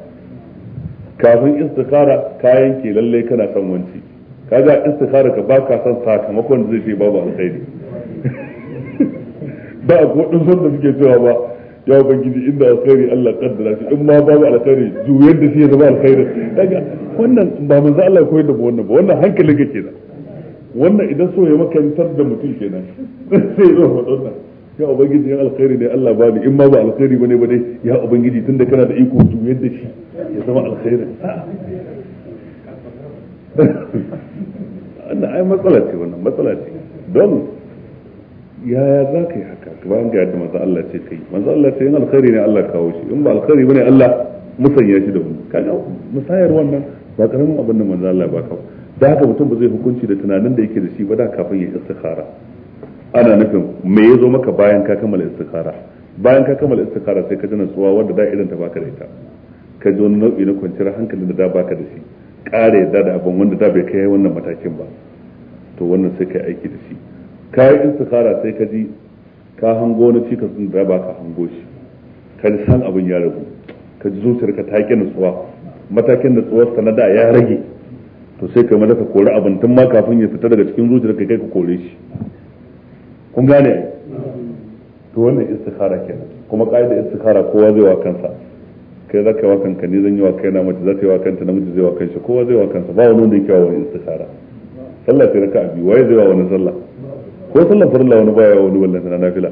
[SPEAKER 1] kafin istikhara kayan ke lalle kana son wanci kaga istikhara ka ba ka son sakamakon da zai ce babu alkhairi [LAUGHS] ba a kodin son da suke cewa ba ya ubangiji inda alkhairi Allah kaddara shi in ma babu alkhairi juyar da shi ya zama alkhairi kaga wannan ba za Allah koyar da wannan ba wannan hankali kake da wannan idan so ya makantar da mutum kenan [LAUGHS] sai zo wannan ya ubangiji ya alkhairi ne Allah ba ni in ma ba alkhairi bane ba ya ubangiji tunda kana da iko to da shi ya zama alkhairin wannan ai matsala ce wannan matsala ce don yaya za ka yi haka bayan ga yadda manzo Allah ce kai manzo Allah ce yin alkhairi ne Allah kawo shi in ba alkhairi bane Allah musanya shi da mu kaga musayar wannan ba karamin abin da manzo Allah ba kawo da haka mutum ba zai hukunci da tunanin da yake da shi ba da kafin ya istikhara
[SPEAKER 2] ana nufin
[SPEAKER 1] me ya zo maka bayan ka kammala istikhara bayan ka kammala istikhara sai ka ji nutsuwa wanda da irin ta baka da ita ka ji wani nau'i na kwanciyar hankalin da da baka da shi ƙara yadda da abin wanda da bai kai wannan matakin ba to wannan sai ka yi aiki da shi ka yi istikhara sai ka ji ka hango wani cikas sun da ba ka hango shi ka ji san abin ya ragu ka ji ka ta ƙi nutsuwa matakin da tsuwar sana da ya rage to sai kai madaka kori abin tun ma kafin ya fita daga cikin zuciyar ka kai ka kore shi kun gane to wannan istikhara kenan kuma ka'idar istikhara kowa zai wa kansa kai za ka yi wa kanka ni zan yi wa kaina mace za ta yi wa kanta namiji zai wa kansa kowa zai wa kansa ba wani wanda yake wa wani istikhara sallah sai raka'a biyu waye zai wa wani sallah ko sallah farilla wani baya wani wallan sana nafila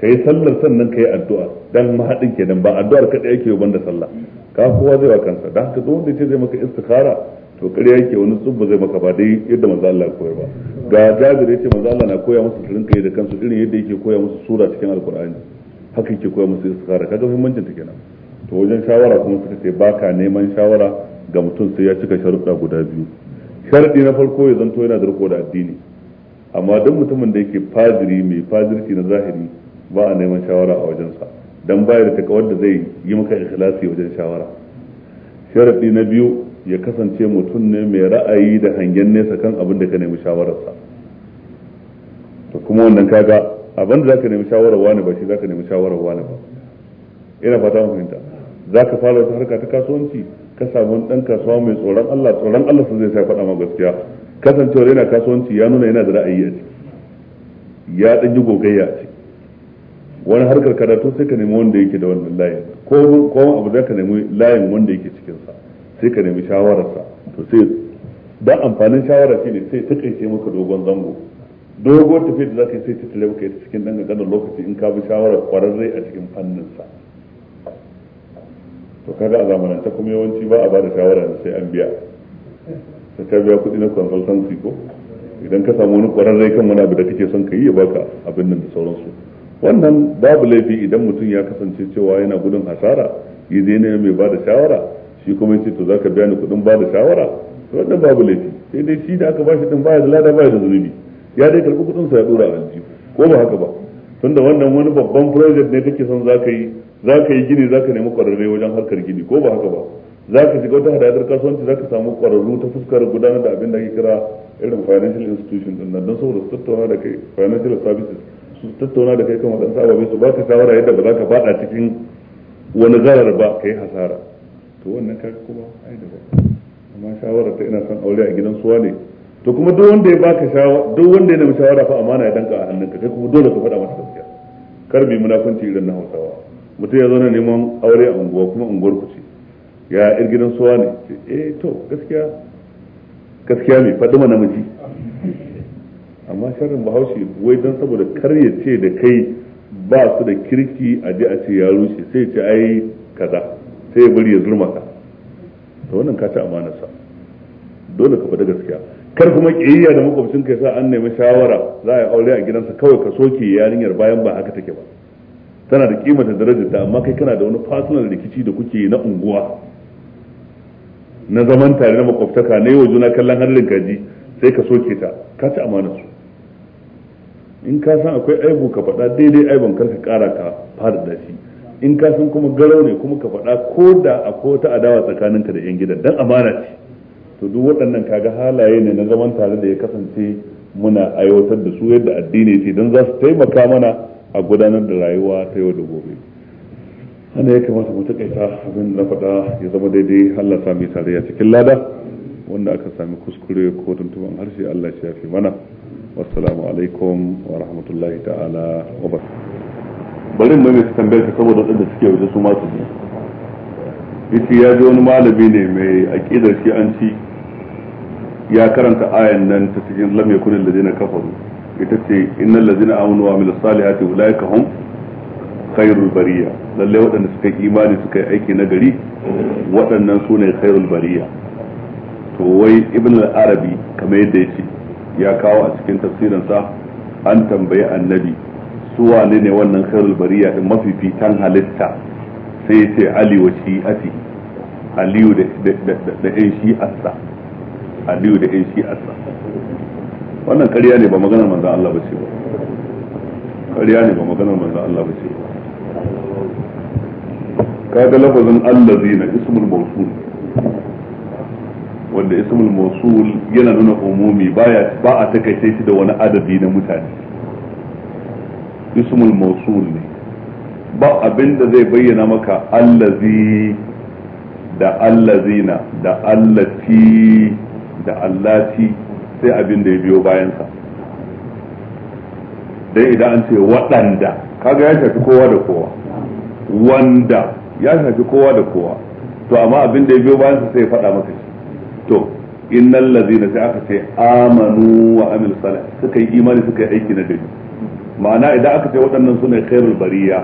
[SPEAKER 1] kai sallar sannan kai addu'a dan mahadin kenan ba addu'ar kadai yake yi banda sallah ka kowa zai wa kansa dan haka duk wanda yace zai maka istikhara to kare yake wani tsubba zai maka ba dai yadda manzo Allah koyar ba ga jabir yace manzo Allah na koya musu turin kai da kansu irin yadda yake koya musu sura cikin alqur'ani haka yake koya musu istikhara kaga muhimmancin ta kenan to wajen shawara kuma suka ce baka neman shawara ga mutum sai ya cika sharuɗa guda biyu sharadi na farko ya zanto yana da riko da addini amma duk mutumin da yake fadiri mai fadirci na zahiri ba a neman shawara a wajensa dan bayar da kawar da zai yi maka ikhlasi wajen shawara sharadi na biyu ya kasance mutum ne mai ra'ayi da hangen nesa kan abin da ka nemi shawararsa to kuma wannan kaga abin da zaka nemi shawarar wani ba shi zaka nemi shawarar wani ba ina fata mun fahimta zaka fara wata harka ta kasuwanci ka samu dan kasuwa mai tsoron Allah tsoron Allah sun zai sai faɗa ma gaskiya kasancewar yana kasuwanci ya nuna yana da ra'ayi a ciki ya dan yi gogayya a ciki wani harkar karatu sai ka nemi wanda yake da wannan layin ko ko abu zaka nemi layin wanda yake cikin sa sai ka nemi shawararsa to sai dan amfanin shawara shine sai ta kaice maka dogon zango dogo tafiya da za ka yi sai tattale ka ita cikin ɗan ƙanƙanin lokaci in ka bi shawarar ƙwararre a cikin fannin sa to kaga a zamananta kuma yawanci ba a ba da shawara sai an biya ta ta biya kuɗi na consultancy ko idan ka samu wani ƙwararre kan wani abu da kake son ka yi ya baka abin nan da sauransu wannan babu laifi idan mutum ya kasance cewa yana gudun hasara yi zai ne mai ba da shawara shi kuma ce to zaka biya ni kuɗin ba da shawara to wannan babu laifi sai dai shi da aka ba shi din baya da lada baya da zunubi ya dai karɓi kuɗin sa ya dora a aljihu ko ba haka ba tunda wannan wani babban project ne kake son zaka yi zaka yi gini zaka nemi kwararre wajen harkar gini ko ba haka ba zaka shiga wata hadadar kasuwanci zaka samu kwararru ta fuskar gudanar da abin da ake kira irin financial institution din nan don saboda su tattauna da kai financial services su tattauna da kai kan waɗansu ababe su baka shawara yadda ba za ka faɗa cikin wani zarar ba ka yi hasara to wannan kaga kuma ai da ba amma shawara ta ina son aure a gidan suwa ne to kuma duk wanda ya baka shawara duk wanda ya nemi shawara fa amana ya danka a hannunka kai kuma dole ka faɗa masa gaskiya kar bi munafunci irin na Hausawa mutum ya zauna neman aure a unguwa kuma unguwar ku ce ya ir gidan suwa ne
[SPEAKER 3] eh to gaskiya
[SPEAKER 1] gaskiya mai faɗi mana miji amma sharrin bahaushe wai dan saboda kar ya ce da kai ba su da kirki a ji a ce ya rushe sai ce ai kaza sai ya bari ya zulmaka ka to wannan ka ci amanarsa dole ka faɗi gaskiya kar kuma kiyayya da makwabcin ka sa an nemi shawara za a yi aure a gidansa kawai ka soke yarinyar bayan ba haka take ba tana da kimar da darajar ta amma kai kana da wani personal rikici da kuke na unguwa na zaman tare na makwabtaka na yau juna kallon hannun gaji sai ka soke ta ka ci amana su in ka san akwai aibu ka faɗa daidai aibon kar ka ƙara ka fara da shi in ka san kuma garau ne kuma ka faɗa ko da akwai wata adawa tsakaninka da 'yan gidan dan amana ce to duk waɗannan kaga halaye ne na zaman tare da ya kasance muna aiwatar da su yadda addini ce don za su taimaka mana a gudanar da rayuwa ta yau da gobe Ana ya kamata mu takaita abin da na faɗa ya zama daidai Allah sami tarayya cikin lada wanda aka sami kuskure ko tuntuban harshe Allah shi ya fi mana wassalamu alaikum wa rahmatullahi ta'ala wa barakatuh bari mu mai tambayar ka saboda wadanda suke waje su masu su yace ya ji wani malami ne mai aqidar shi an ci ya karanta ayan nan ta cikin lam yakun alladhina kafaru ita ce innal ladhina amanu wa amilus salihati ulaika hum khairul bariya lalle waɗanda suka yi imani suka yi aiki na gari waɗannan su ne khairul bariya to wai ibn al-arabi kamar yadda ya ce ya kawo a cikin tafsirinsa an tambayi annabi su wane ne wannan khairul bariya din mafifitan halitta sai ya ce ali wa ati aliyu da yan shi'arsa aliyu da yan shi'arsa wannan ƙarya ne ba maganar manzan Allah ba ce ba ƙarya ne ba maganar manzan Allah ba ce ba kaga lafazin allazina ismul mawsul wanda ismul mawsul yana nuna umumi baya ba a takaice shi da wani adadi na mutane ismul mawsul ne ba abin da zai bayyana maka allazi da allazina da allati da allati sai abin da ya biyo bayansa dai idan an ce waɗanda kaga ya shafi kowa da kowa wanda ya shafi kowa da kowa to amma abin da ya biyo bayansa sai ya faɗa maka shi to innal ladina sai aka ce amanu wa amil salih suka yi imani suka yi aiki na gari ma'ana idan aka ce waɗannan ne khairul bariya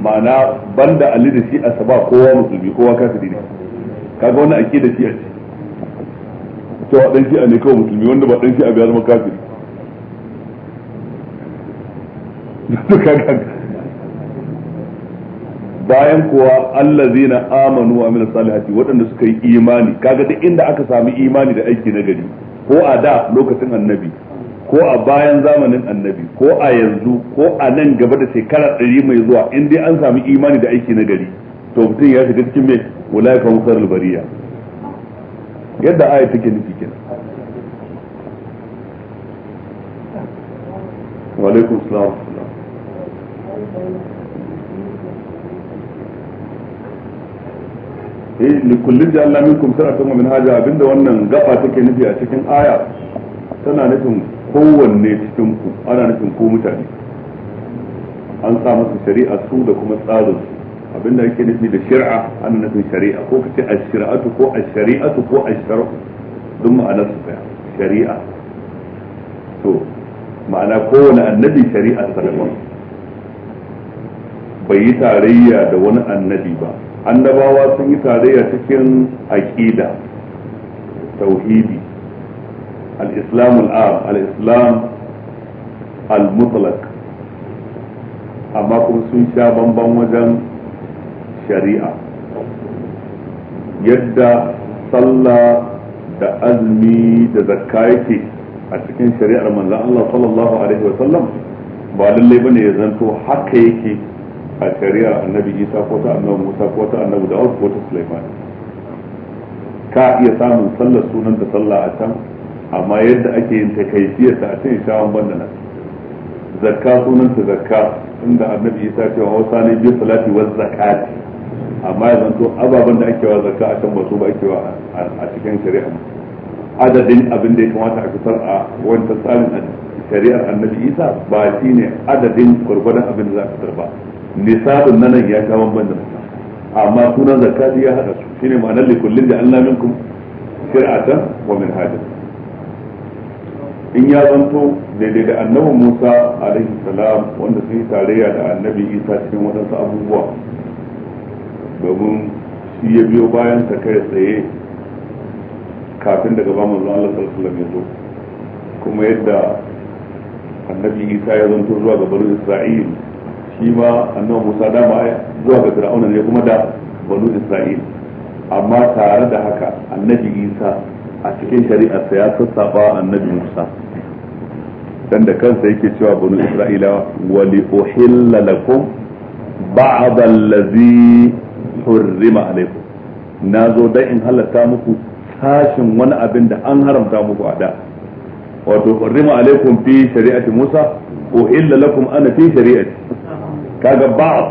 [SPEAKER 1] ma'ana banda ali da shi a saba kowa musulmi kowa kafiri ne kaga wani ake da shi a ce cewa dan a ne kawai musulmi wanda ba dan shi a ya zama kafiri [LAUGHS] bayan kuwa allazina amanu wa amila salihati waɗanda suka yi imani kaga duk inda aka sami imani da aiki na gari ko a da lokacin annabi ko a bayan zamanin annabi ko a yanzu ko a nan gaba da shekara ɗari mai zuwa in dai an sami imani da aiki na gari to mutum ya shiga cikin mai wulaika musar bariya yadda aya take nufi kenan wa alaikum salam likullin da Allah minkum shar'atun wa abinda wannan gaba take nufi a cikin aya tana nufin kowanne cikin ku ana nufin ko mutane an sa masa shari'a su da kuma tsarin su abinda yake nufi da shari'a ana nufin shari'a ko kace ash-shari'atu ko ash-shari'atu ko ash-shar'u duk ma'anar su daya shari'a to ma'ana kowane annabi shari'a ta daban bai yi tarayya da wani annabi ba annabawa sun yi tarayya cikin aqida tauhidi الإسلام العام الإسلام المطلق أما كم سنشا بمبم وجن شريعة yadda sallah da azumi da zakka yake a cikin shari'ar manzon Allah sallallahu alaihi wa sallam ba lallai bane ya zanto haka yake a shari'ar annabi Isa ko ta annabi Musa ko ta annabi Dawud ko ta Sulaiman ka iya samun sallar sunan da sallah a can amma yadda ake yin ta kaifiyar ta a cikin shawon banda nan zakka sunanta zakka inda annabi isa cewa wasa ne biyu salati wa zakati amma yanzu zanto ababen da ake wa zakka a can ba su ba ake wa a cikin shari'a adadin abin da ya kamata a fitar a wancan tsarin shari'ar annabi isa ba shi ne adadin gwargwadon abin da za a fitar ba nisabin na nan ya sha bamban da nasa amma sunan zakati ya haɗa su shine ma'anar likullin da allah minkum shir'atan wa min hajjata in ya zanto daidai da annabi Musa alaihi salam wanda sun yi tarayya da annabi Isa cikin waɗansu abubuwa domin shi ya biyo bayan ta kai tsaye kafin daga ba manzon Allah sallallahu alaihi wasallam kuma yadda annabi Isa ya zanto zuwa ga banu Isra'il shi ma annabi Musa dama zuwa ga Fir'auna ne kuma da banu Isra'il amma tare da haka annabi Isa a cikin shari'arsa ya sassaba annabi Musa dan da kansa yake cewa banu Isra'ila wa li uhilla lakum ba'd allazi hurrima alaikum nazo dan in halatta muku sashin wani abin da an haramta muku a da wato hurrima alaikum fi shari'ati Musa uhilla lakum ana fi shari'ati kaga ba'd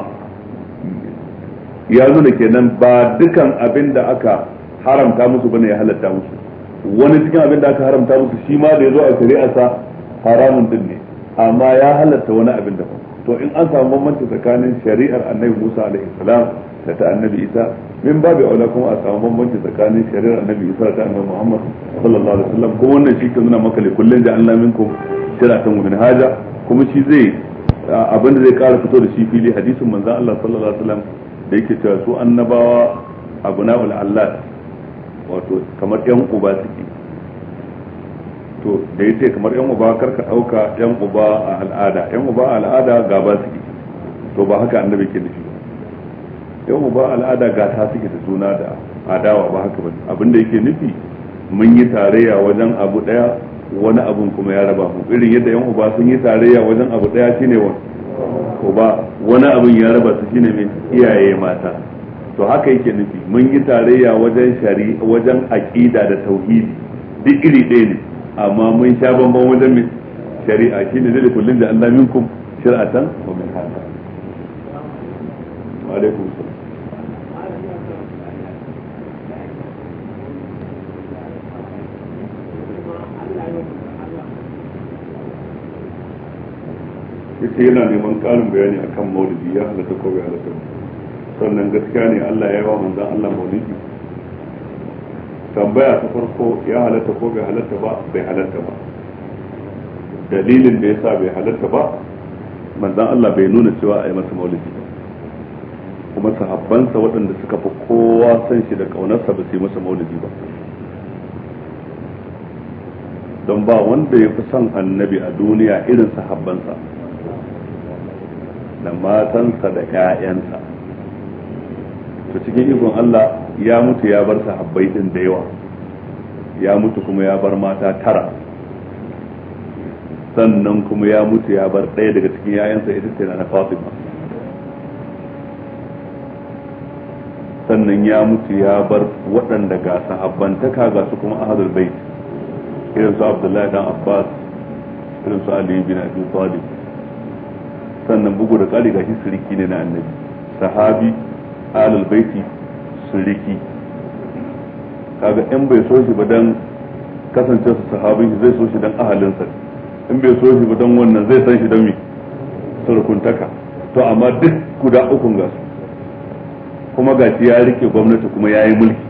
[SPEAKER 1] ya nuna kenan ba dukan abin da aka haramta musu bane ya halatta musu wani cikin abin da aka haramta musu shi ma da ya zo a shari'arsa haramun din ne amma ya halatta wani abin da to in an samu bambanci tsakanin shari'ar annabi musa alaihi salam da ta annabi isa min babu aula kuma a samu bambanci tsakanin shari'ar annabi isa da ta annabi muhammad sallallahu alaihi wasallam kuma wannan shi ke nuna maka li kullun ja'alna minkum ta wa haja kuma shi zai abin da zai kara fito da shi fili hadisin manzon Allah sallallahu alaihi wasallam da yake cewa su annabawa abu na'ul allat wato kamar yan uba suke to da yace kamar yan uba karka dauka yan uba a al'ada yan uba a al'ada ba suke to ba haka annabi ke nufi yan uba a al'ada ga ta suke da juna da adawa ba haka ba abin da yake nufi mun yi tarayya wajen abu daya wani abun kuma ya raba mu irin yadda yan uba sun yi tarayya wajen abu daya shine wani uba wani abun ya raba su shine mai iyaye mata to haka yake nufi mun yi tarayya wajen shari wajen aqida da tauhidi duk iri ɗaya ne amma mun sha bamban wajen mai shari'a ne zai kullum da Allah minkum shir'atan wa min hada wa alaikum salam yana neman ƙarin bayani akan maulidi ya halatta ko bai halatta wannan gaskiya ne Allah ya yi wa manzan Allah mauliki tambaya ta farko ya halatta ko bai halatta ba bai halatta ba dalilin da ya sa bai halatta ba manzan Allah bai nuna cewa a yi masa mauliki ba kuma sahabbansa waɗanda suka fi kowa san shi da ƙaunarsa ba su yi masa mauliki ba don ba wanda ya fi son annabi a duniya irin sahabbansa da matansa da 'ya'yansa to cikin ikon Allah ya mutu ya bar sahabbai din da yawa ya mutu kuma ya bar mata tara sannan kuma ya mutu ya bar ɗaya daga cikin yayansa ita ce na Fatima sannan ya mutu ya bar waɗanda ga sahabbantaka ga su kuma ahadul bait irin su Abdullahi dan Abbas irin su Ali bin Abi Talib sannan bugu da ƙari ga shi ne na annabi sahabi alul baiti riki kaga in bai so shi ba dan kasance su sahabin shi zai so shi dan ahalinsa in bai so shi ba dan wannan zai san shi dan mi surkuntaka to amma duk guda ukun ga su kuma ga ya rike gwamnati kuma ya yi mulki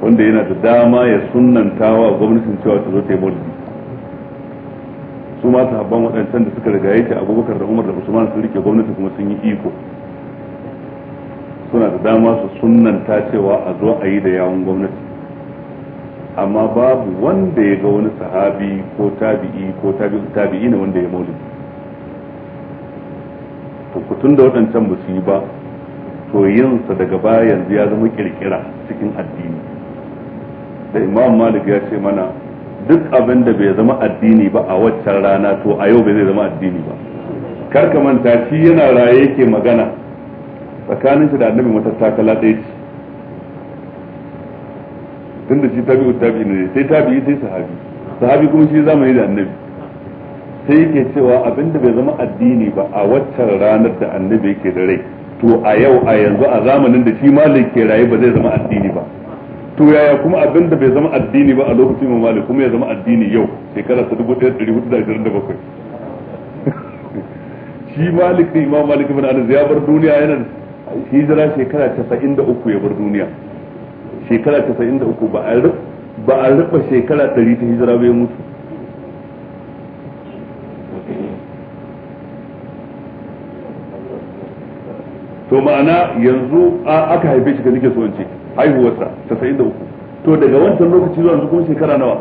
[SPEAKER 1] wanda yana da dama ya sunnantawa gwamnatin cewa ta zo ta yi mulki su ma sahabban waɗancan da suka riga yake abubakar da umar da usman sun rike gwamnati kuma sun yi iko suna da dama su sunnanta cewa a zo a yi da yawon gwamnati amma babu wanda ya ga wani sahabi ko tabi'i ko tabi'i ne wanda ya maulidi to kutun da waɗancan ba su yi ba to yinsa daga baya yanzu ya zama kirkira cikin addini da imam malik ya ce mana duk abin da bai zama addini ba a waccan rana to a yau bai zai zama addini ba kar ka shi yana raye yake magana tsakanin shi da annabi matattakala ɗaya ce tunda shi tabi'u tabi'i ne sai tabi'i sai sahabi sahabi kuma shi zamani da annabi sai yake cewa abinda bai zama addini ba a waccan ranar da annabi yake da rai to a yau a yanzu a zamanin da shi malik ke raye ba zai zama addini ba to yaya kuma abin da bai zama addini ba a lokacin imam malik kuma ya zama addini yau shekara ta dubu ɗaya ɗari hudu da ashirin da bakwai [LAUGHS] shi malik ne imam malik ibn anas ya bar duniya yana hijira shekara 93 ya bar duniya shekara 93 ba a ba a rufa shekara 100 ta hijira bai mutu to ma'ana yanzu aka haife shi ka nike so in ce haihuwarsa 93 to daga wancan lokaci zuwa yanzu kuma shekara nawa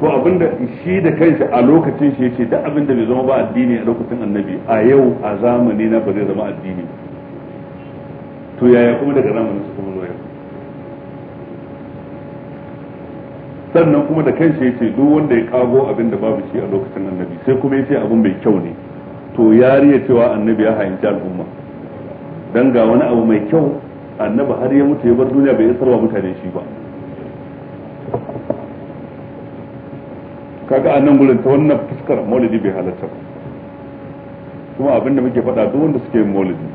[SPEAKER 1] ko abinda shi da kansa a lokacin shi yace duk abinda bai zama ba addini a lokacin annabi a yau a zamani na ba zai zama addini to yaya kuma daga zamanin su kuma zo sannan kuma da kansa yace duk wanda ya kago abinda babu shi a lokacin annabi sai kuma yace abin bai kyau ne to yariya cewa annabi ya hayanci al'umma dan ga wani abu mai kyau annabi har ya mutu ya bar duniya bai isarwa mutane shi ba kaga a nan gurin ta wannan fuskar maulidi bai halatta ba kuma abin da muke faɗa duk wanda suke maulidi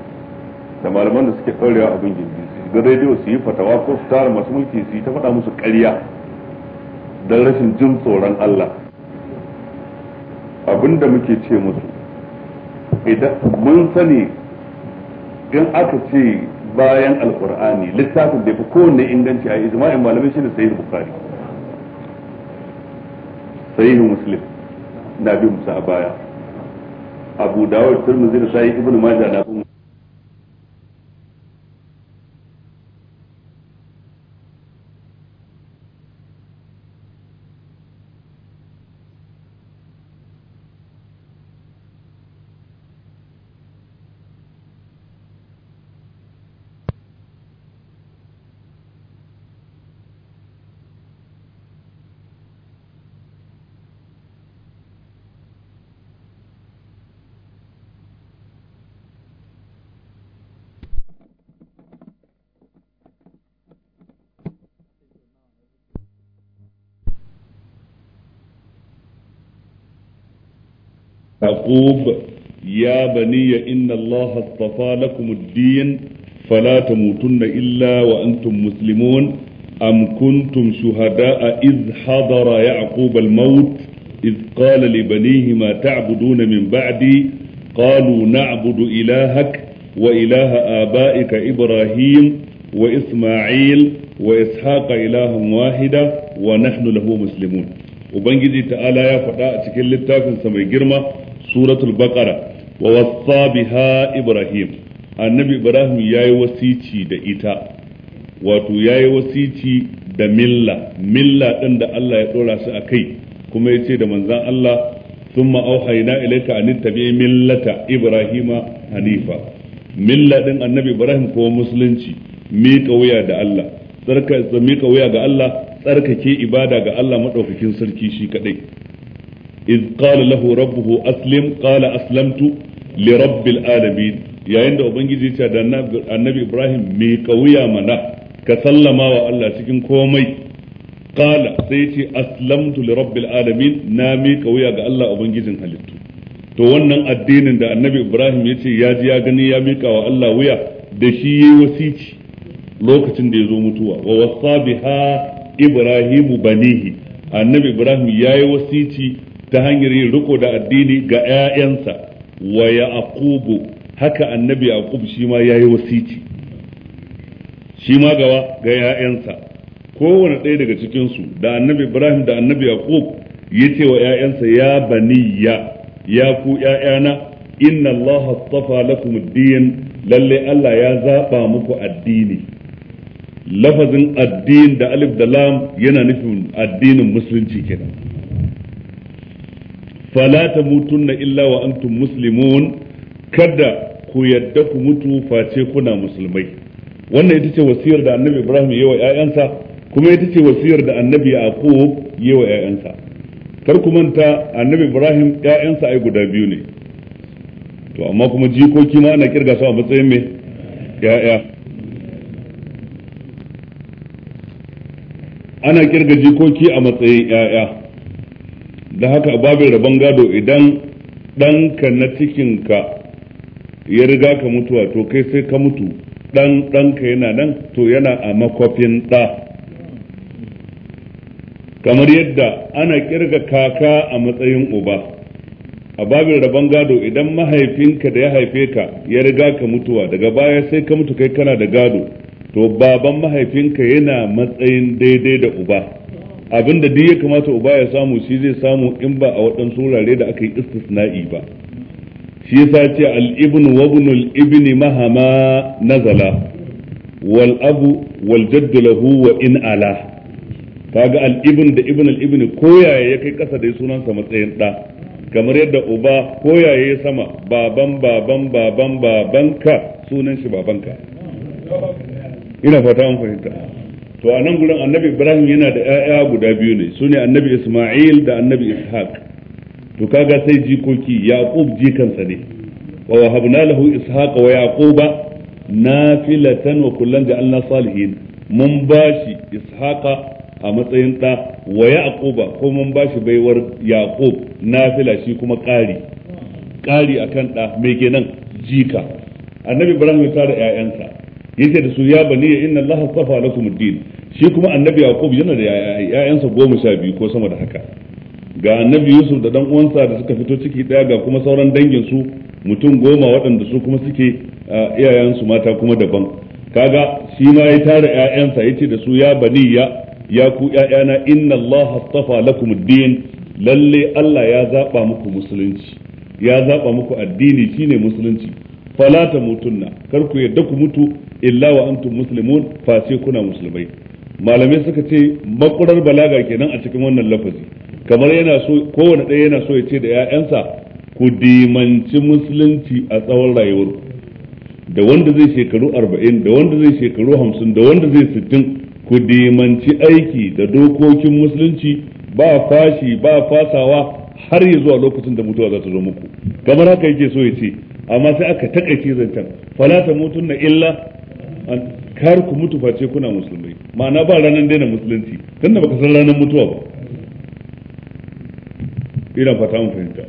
[SPEAKER 1] da malaman da suke ɗaurewa abin gindi su rediyo su yi fatawa ko su tara masu mulki su yi ta faɗa musu ƙarya don rashin jin tsoron Allah abin da muke ce musu idan mun sani in aka ce bayan alkur'ani littafin da ya fi kowanne inganci a ijma'in malamai shi da sayyid bukari sahihu muslim da bi musa a baya abu dawud tirmidhi da sahih ibnu majah da عقوب يا بني إن الله اصطفى لكم الدين فلا تموتن إلا وأنتم مسلمون أم كنتم شهداء إذ حضر يعقوب الموت إذ قال لبنيه ما تعبدون من بعدي قالوا نعبد إلهك وإله آبائك إبراهيم وإسماعيل وإسحاق إلها واحدا ونحن له مسلمون وبنجي تعالى يا فتاة كل التافن سمي جرمه suratul baqara wa wassa biha ibrahim annabi ibrahim yayi wasici da ita wato yayi wasici da milla milla din da Allah ya dora su akai kuma yace da manzon Allah thumma auhayna ilayka an tabi'i millata ibrahima hanifa milla din annabi ibrahim ko musulunci miƙa wuya da Allah tsarka miƙa wuya ga Allah tsarkake ibada ga Allah madaukakin sarki shi kadai إذ قال له ربه أسلم قال أسلمت لرب العالمين يا عند أبنجي تشاد النبي إبراهيم ميكويا منا كسلم الله تكن كومي قال سيتي أسلمت لرب العالمين نامي كويا قال الله أبنجي هلتو to wannan addinin da annabi Ibrahim ya ce ya ji ya gani ya mika wa Allah wuya da shi ya yi wasici lokacin da ya zo mutuwa wa wasa biha Ibrahimu banihi annabi Ibrahim ya yi wasici ta hanyar yin riko da addini ga 'ya'yansa wa yaqubu haka annabi yaqub shi ma yayi wasici shi ma gawa ga 'ya'yansa kowane ɗaya daga cikin su da annabi ibrahim da annabi yaqub ce wa 'ya'yansa ya baniya ya ku 'ya'yana inna allaha astafa lakum ad-din lalle Allah ya zaba muku addini lafazin addin da alif da lam yana nufin addinin musulunci kenan fala tamutunna illa wa antum muslimun kada ku yadda ku mutu face kuna musulmai wannan ita ce wasiyar da annabi ibrahim ya wa 'ya'yansa kuma ita ce wasiyar da annabi yaqub ya wa 'ya'yansa kar ku manta annabi ibrahim 'ya'yansa ai guda biyu ne to amma kuma jikoki ma ana kirga su a matsayin me 'ya'ya ana kirga jikoki a matsayin 'ya'ya da haka babu rabon gado idan ɗanka na cikin ka ya riga ka mutuwa to kai sai ka mutu ɗan ɗanka yana nan to yana a makwafin ɗa kamar yadda ana kirga kaka a matsayin uba a babin rabon gado idan mahaifinka da ya haife ka ya riga ka mutuwa daga baya sai ka mutu kai kana da gado to baban mahaifinka yana matsayin daidai da uba Abin da duk ya kamata uba ya samu shi zai samu in ba a waɗansu wurare da aka yi istisna'i ba shi yasa ce al-ibnu wa ibnul ibni mahama nazala wal abu wal jaddu lahu wa in ala kaga al-ibn da ibn al-ibni koyaye ya kai kasa da sunansa matsayin da kamar yadda uba koyaye ya sama baban baban baban babanka sunan shi babanka ina fata an fahimta to a nan gurin annabi ibrahim yana da 'ya'ya guda biyu ne su ne annabi isma'il da annabi ishaq to kaga sai jikoki yaqub jikansa ne wa wahabna lahu ishaq wa yaquba nafilatan wa kullan ja'alna salihin mun bashi ishaqa a matsayin da wa yaquba ko mun bashi baiwar yaqub nafila shi kuma ƙari ƙari akan ɗa me kenan jika annabi ibrahim ya tara 'ya'yansa yace da su ya bani inna allaha safa lakum ad-din shi kuma annabi yaqub yana da yayansa goma sha biyu ko sama da haka ga annabi yusuf da dan uwansa da suka fito ciki daya ga kuma sauran dangin su mutum goma waɗanda su kuma suke iyayensu mata kuma daban kaga shi ma ya tara yayansa yace da su ya baniya ya ku yayana inna allah astafa lakum ad-din lalle allah ya zaba muku musulunci ya zaba muku addini shine musulunci fala ta mutunna, kar ku yadda ku mutu illa wa antum muslimun fa sai kuna musulmai malamai suka ce makurar balaga kenan a cikin wannan lafazi kamar yana so kowane ɗaya yana so ya ce da 'ya'yansa ku dimanci musulunci a tsawon rayuwar da wanda zai shekaru arba'in da wanda zai shekaru hamsin da wanda zai sittin ku dimanci aiki da dokokin musulunci ba fashi ba fasawa har ya zuwa lokacin da mutuwa za ta zo muku kamar haka yake so ya ce amma sai aka taƙaice zancen fala ta na illa kar ku mutu face kuna musulmai ma'ana ba ranar daina musulunci tunda baka san ranar mutuwa ba ina fata mun fahimta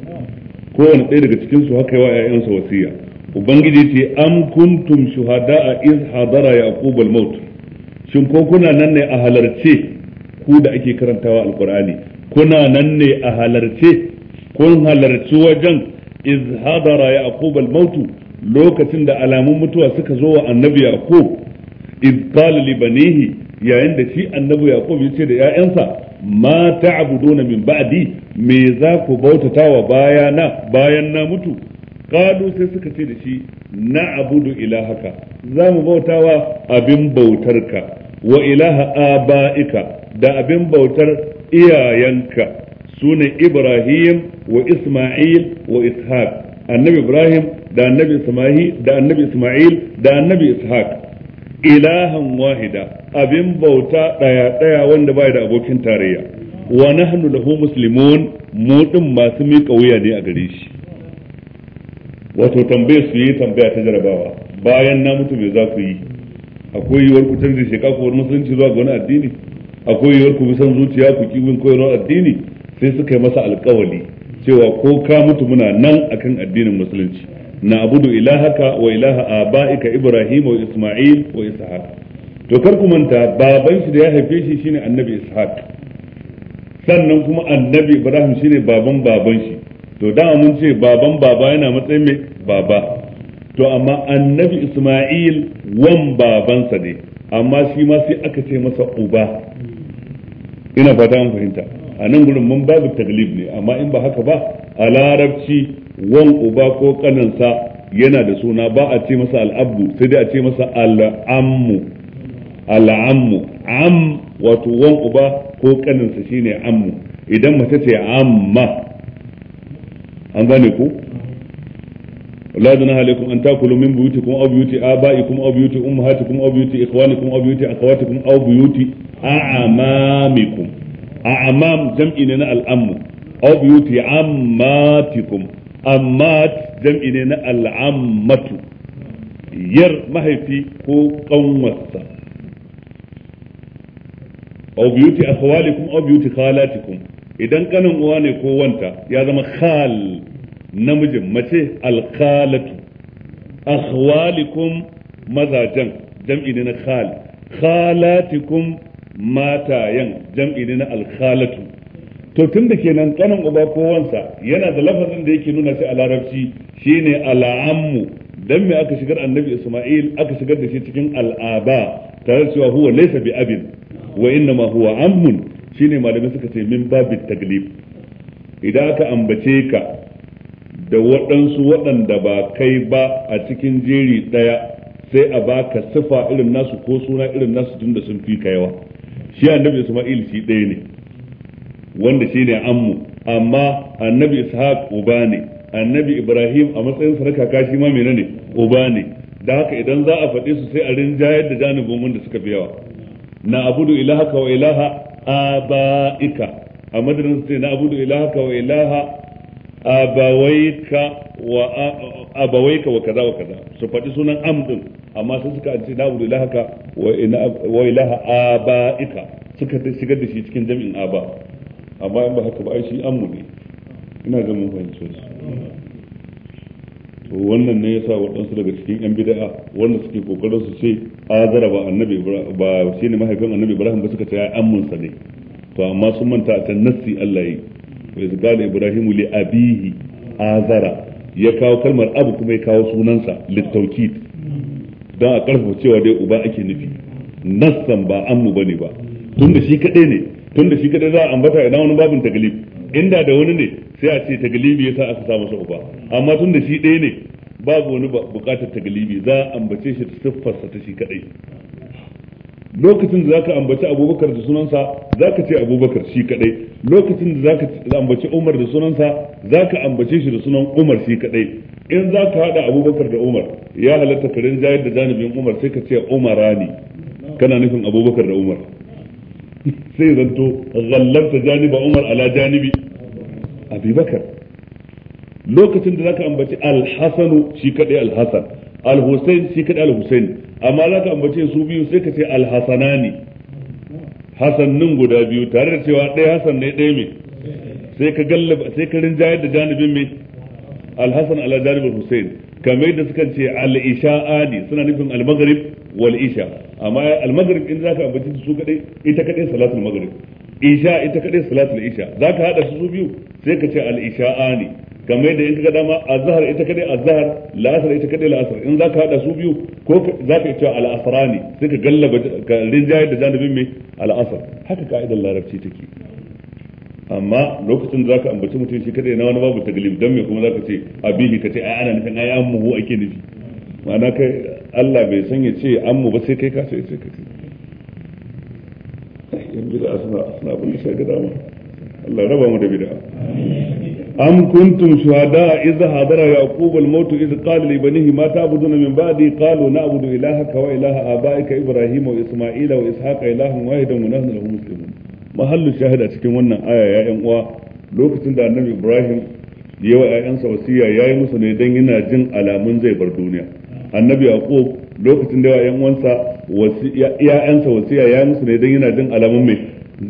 [SPEAKER 1] kowane ɗaya daga cikin su haka yawa ƴaƴansa wasiya ubangiji ce am kuntum a iz hadara yaqub al-maut shin ko kuna nan ne a halarce ku da ake karantawa alqur'ani kuna nan ne a halarce kun halarci wajen iz hadara yaqub al-maut lokacin da alamun mutuwa suka zo wa annabi yaqub idqala li banihi yayin da shi annabi yaqub ya ce da ƴaƴansa ma ta'buduna min ba'di me za ku bautatawa bayana bayan na mutu qalu sai suka ce da shi na na'budu ilahaka za mu bautawa abin bautarka wa ilaha aba'ika da abin bautar iyayenka sunan Ibrahim wa Isma'il wa Ishaq annabi Ibrahim da annabi Isma'il da annabi Isma'il da annabi Ishaq ilahan wahida abin bauta daya daya wanda bai da abokin tarayya wa nahnu lahu muslimun mu din masu miƙa wuya ne a gare shi wato tambaye su yi tambaya ta jarabawa bayan na mutu me za ku yi akwai yiwuwar ku canza wani musulunci zuwa ga wani addini akwai yiwuwar ku bi san zuciya ku ki bin koyarwar addini sai suka yi masa alkawali cewa ko ka mutu muna nan akan addinin musulunci na na'budu ilahaka wa ilaha abaika ibrahim wa isma'il wa ishaq to karku ku manta baban shi da ya haife shi shine annabi ishaq sannan kuma annabi ibrahim shine baban baban shi to da mun ce baban baba yana matsayin mai baba to amma annabi isma'il wan babansa ne amma shi ma sai aka ce masa uba ina fata an fahimta a nan gurin mun babu taglib ne amma in ba haka ba a larabci wan uba ko kaninsa yana da suna ba a ce masa al'abu sai dai a ce masa al'ammu al'ammu am wato wan uba ko kaninsa shine ammu idan mace ce amma an gane ku la dana halikum an takulu min buyutikum aw buyuti abaikum aw buyuti ummahatikum aw buyuti ikhwanikum aw buyuti akhawatikum aw buyuti a'amamikum a'amam jam'i ne na al'ammu aw buyuti ammatikum amma jam'i ne na al'ammatu yar mahaifi ko kanwarsa aw biyuti akhwalikum aw biyuti khalatikum idan kanin uwa ne ko wanta ya zama khal namijin mace alkhalatu akhwalikum mazajen jam'i ne na khal khalatikum matayen jam'i ne na alkhalatu to tun da kenan kanin uba ko wansa yana da lafazin da yake nuna sai a larabci shine al'ammu dan me aka shigar annabi Isma'il aka shigar da shi cikin al'aba tare cewa huwa laysa bi abin wa innama huwa ammun shine malamai suka ce min babit taglib idan aka ambace ka da waɗansu waɗanda ba kai ba a cikin jeri ɗaya sai a baka sifa irin nasu ko suna irin nasu tunda sun fi ka yawa shi annabi Isma'il shi ɗaya ne wanda shi shine ammu amma annabi ishaq uba ne annabi ibrahim a matsayin sa na shi ma menene uba ne da haka idan za a faɗe su sai a rinjayar da janibin wanda suka fi yawa na abudu ilahaka wa ilaha abaika a madadin su ce na abudu ilahaka wa ilaha abawaika wa kaza wa kaza su faɗi sunan am din amma sai suka ce na abudu ilahaka wa ilaha abaika suka shigar da shi cikin jami'in aba amma in ba haka ba aishi an mu ne ina ga mun fahimci wasu to wannan ne yasa waɗansu daga cikin yan bid'a wanda suke kokarin su ce azara ba annabi ba shi ne mahaifin annabi ibrahim ba suka ce ai sa ne to amma sun manta a can nassi Allah yi wa iz da ibrahimu li abihi azara ya kawo kalmar abu kuma ya kawo sunansa littaukid don a karfafa cewa dai uba ake nufi nassan ba ammu bane ba tunda shi kaɗai ne tun da shi kadai za a ambata idan wani babin taglib inda da wani ne sai a ce taglibi yasa aka sa masa uba amma tun da shi ɗaya ne babu wani buƙatar taglibi za a ambace shi ta siffarsa ta shi kadai lokacin da zaka ambaci abubakar da sunansa zaka ce abubakar shi kadai lokacin da zaka ambaci umar da sunansa zaka ambace shi da sunan umar shi kadai in zaka hada abubakar da umar ya halatta karin jayar da janibin umar sai ka ce umarani kana nufin abubakar da umar sai zanto zallanta janiba umar ala janibi abubakar lokacin da zaka ambaci al-hasan shi kadai al-hasan al shi kadai al amma amma zaka ambace su biyu sai ka ce al-hasanani hasannin guda biyu tare da cewa ɗaya hasan ne ɗaya me sai ka gallaba sai ka rinjayar da janibin me al-hasan ala janibin husayn kamar da sukan ce al-isha'ani suna nufin al-maghrib wal isha amma al-maghrib in zaka ambaci su kadai ita kadai salatul maghrib isha ita kadai salatul isha zaka hada su biyu sai ka ce al-isha'ani kamar yadda in ka gada dama azhar ita kadai azhar la'asar ita kadai la'asar in zaka hada su biyu ko zaka ce al-asrani sai ka gallaba ka rinjaye da janibin mai al-asr haka ka'idar larabci take amma lokacin da zaka ambaci mutum shi kadai na wani babu taglib dan me kuma zaka ce abihi kace ai ana nufin ai ammuhu ake nufi ma'ana kai Allah bai san ya ce ammu ba sai kai ka sai ce kace yan bid'a suna suna abin da sai ga dama Allah raba mu da bid'a am kuntum shuhada iz hadara yaqub al maut iz qala li banihi ma ta'buduna min ba'di qalu na'budu ilahaka wa ilaha abaika ibrahima wa isma'ila wa ishaqa ilahan wahidan wa nahnu lahu muslimun mahallu shahada cikin wannan aya ya yan uwa lokacin da annabi ibrahim ya wa ƴaƴansa wasiya ya yi musu ne don yana jin alamun zai bar duniya annabi yaqub lokacin da ya yan uwansa wasiya ya yi musu ne don yana jin alamun mai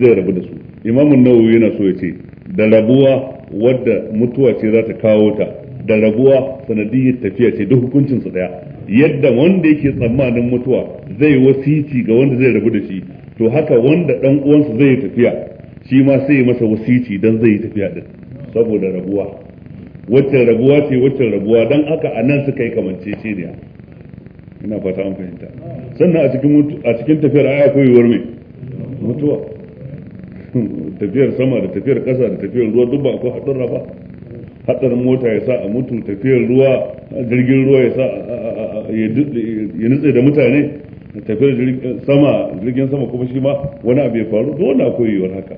[SPEAKER 1] zai rabu da su an nawawi yana so ya ce da rabuwa wadda mutuwa ce za ta kawo ta da rabuwa sanadiyyar tafiya ce duk hukuncinsa su daya yadda wanda yake tsammanin mutuwa zai wasici ga wanda zai rabu da shi to haka wanda dan uwansa zai yi tafiya shi ma sai ya masa wasici dan zai yi tafiya din saboda rabuwa wacce rabuwa ce wacce rabuwa dan haka anan suka yi kamance ne ina fata an fahimta sannan a cikin a cikin tafiyar aya koyewar me mutuwa [LAUGHS] tafiyar sama da tafiyar kasa da tafiyar ruwa duk ba ko hadin ba hatsarin mota ya sa a mutu tafiyar ruwa jirgin ruwa ya sa ya nutse da mutane tafiyar sama jirgin sama kuma shi ma wani abu ya faru dole akwai yiwuwar haka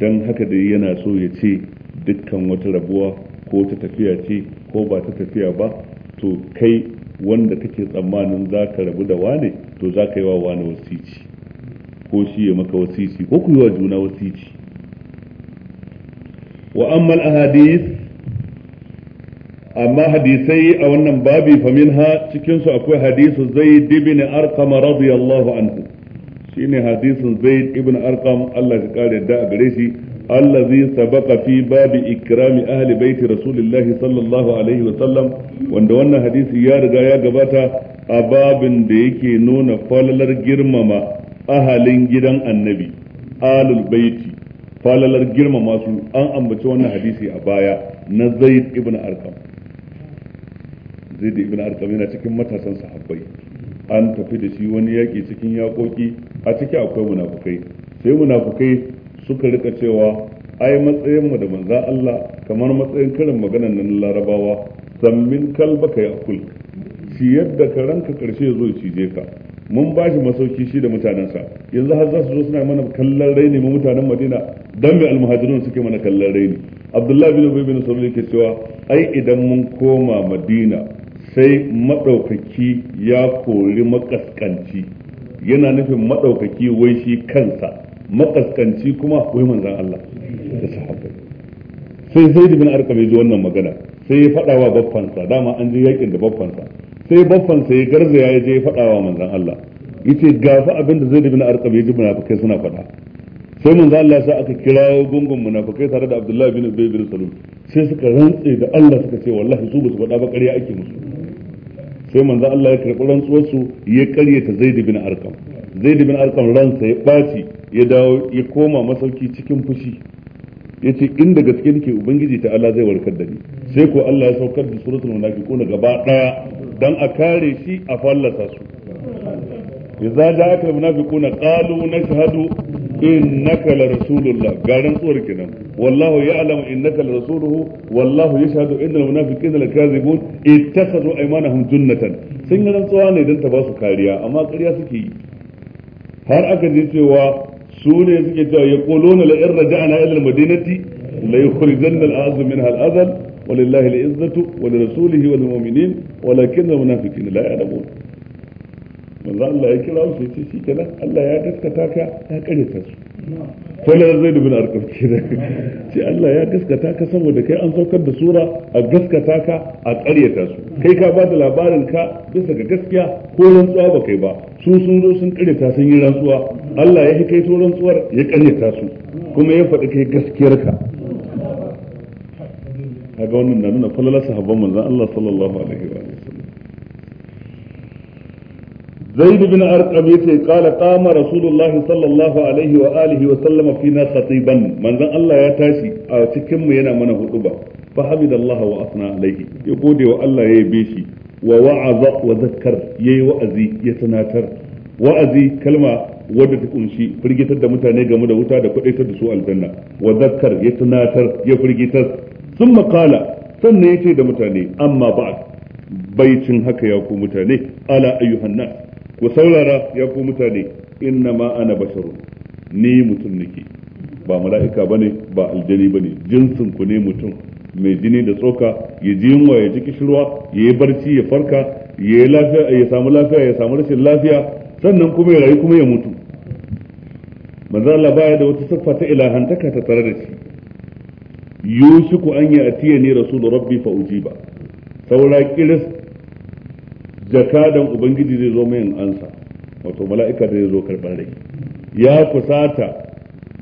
[SPEAKER 1] don haka dai yana so ya ce dukkan wata rabuwa ko ta tafiya ce ko ba ta tafiya ba to kai wanda kake tsammanin za ka rabu da wane to za ka yi wa wane wasici ko shi ya maka wasici ko ku yi wa juna wasici wa ammal ahadith amma hadisai a wannan babi ha cikinsu akwai hadisu zaid ibn arqam radiyallahu anhu shine hadisin zaid ibn arqam Allah ya kare da a gare shi allazi sabaqa fi babi ikrami ahli baiti rasulillahi sallallahu alaihi wa sallam wanda wannan hadisi ya riga ya gabata a babin da yake nuna falalar girmama ahalin gidan annabi alul baiti falalar girmama su an ambaci wannan hadisi a baya na zaid ibn arqam zai da ibn arqam yana cikin matasan sahabbai an tafi da shi wani yaki cikin yakoki a ciki akwai munafukai sai munafukai suka rika cewa ai matsayin mu da manzo Allah kamar matsayin karin maganar nan larabawa sammin Kalba, kai akul shi yadda ka ranka karshe zo ya cije ka mun ba shi masauki shi da mutanensa yanzu har za su zo suna mana kallon raini mu mutanen madina dan mai almuhajirun suke mana kallon raini abdullahi bin ubay bin salul yake cewa ai idan mun koma madina sai maɗaukaki ya kori makaskanci yana nufin maɗaukaki wai shi kansa makaskanci kuma wai manzan Allah da sahabbai sai sai dubin arka bai wannan magana sai ya faɗa wa baffansa dama an je yakin da baffansa sai baffansa ya garza ya je ya faɗa wa manzan Allah yace gafi abin da zai bin arqam ya ji munafikai suna faɗa sai manzan Allah ya sa aka kira gungun munafikai tare da Abdullahi bin Ubay bin Salul sai suka rantse da Allah suka ce wallahi su ba su faɗa ba ƙarya ake musu sai manzo Allah ya karɓi rantsuwar su ya karyata Zaid bin Arqam Zaid bin Arqam ransa ya ɓaci, ya dawo ya koma masauki cikin fushi yace in da gaske nake ubangiji ta Allah zai warkar da ni sai ko Allah ya saukar da suratul munafiqun gaba daya dan a kare shi a fallasa su idza na munafiquna qalu nashhadu innaka la rasulullah garin tsuwar kenan wallahu ya'lamu innaka la rasuluhu wallahu yashhadu innal munafiqina lakazibun ittakhadhu aymanahum junnatan sun yi rantsuwa ne dan ta basu kariya amma karya suke yi har aka ji cewa su ne suke cewa yaquluna la in raja'na ila al-madinati la yukhrijanna al-a'zu minha wani azal ولله العزة ولرسوله وللمؤمنين ولكن المنافقين لا يعلمون manzo Allah ya kira su shi kenan Allah ya gaskata ka ya karyata su kwallon zai dubin arkamci [LAUGHS] da ce Allah ya gaskata ka saboda kai an saukar da sura a gaskata ka a karyata su kai ka ba da labarin ka bisa ga gaskiya ko rantsuwa ba kai ba sun sun zo sun ta sun yi rantsuwa Allah ya hikaito rantsuwar ya ta su kuma ya faɗi kai gaskiyar ka kaga wannan na nuna kwallon sahabban manzon Allah sallallahu alaihi زيد بن أرقم يتي قال قام رسول الله صلى الله عليه وآله وسلم فينا خطيبا من ذا الله يتاشي أو تكم ينا من هدوبا فحمد الله وأثنى عليه يقول والله يبيشي ووعظ وذكر يي وأزي يتناتر وأزي كلمة wadda ta kunshi firgitar da mutane game da wuta da kudaitar da su aljanna wa zakkar ya tunatar ya firgitar sun makala sannan ya ce da mutane amma ba baicin haka ya ku mutane ala ayyuhan nas ku saurara ya ku mutane inna ma ana basharun ni mutum nake ba mala'ika bane ba aljani bane jinsin ku ne mutum mai jini da tsoka ya ji yunwa ya ji kishirwa ya yi barci ya farka ya yi lafiya ya samu lafiya ya samu rashin lafiya sannan kuma ya rayu kuma ya mutu manzo Allah baya da wata siffa ta ilahantaka ta tare da shi yushiku an ya atiya ni da rabbi fa ujiba saura kiris jakadan ubangiji zai zo mai ansa wato mala'ika da zai zo karban rai ya kusata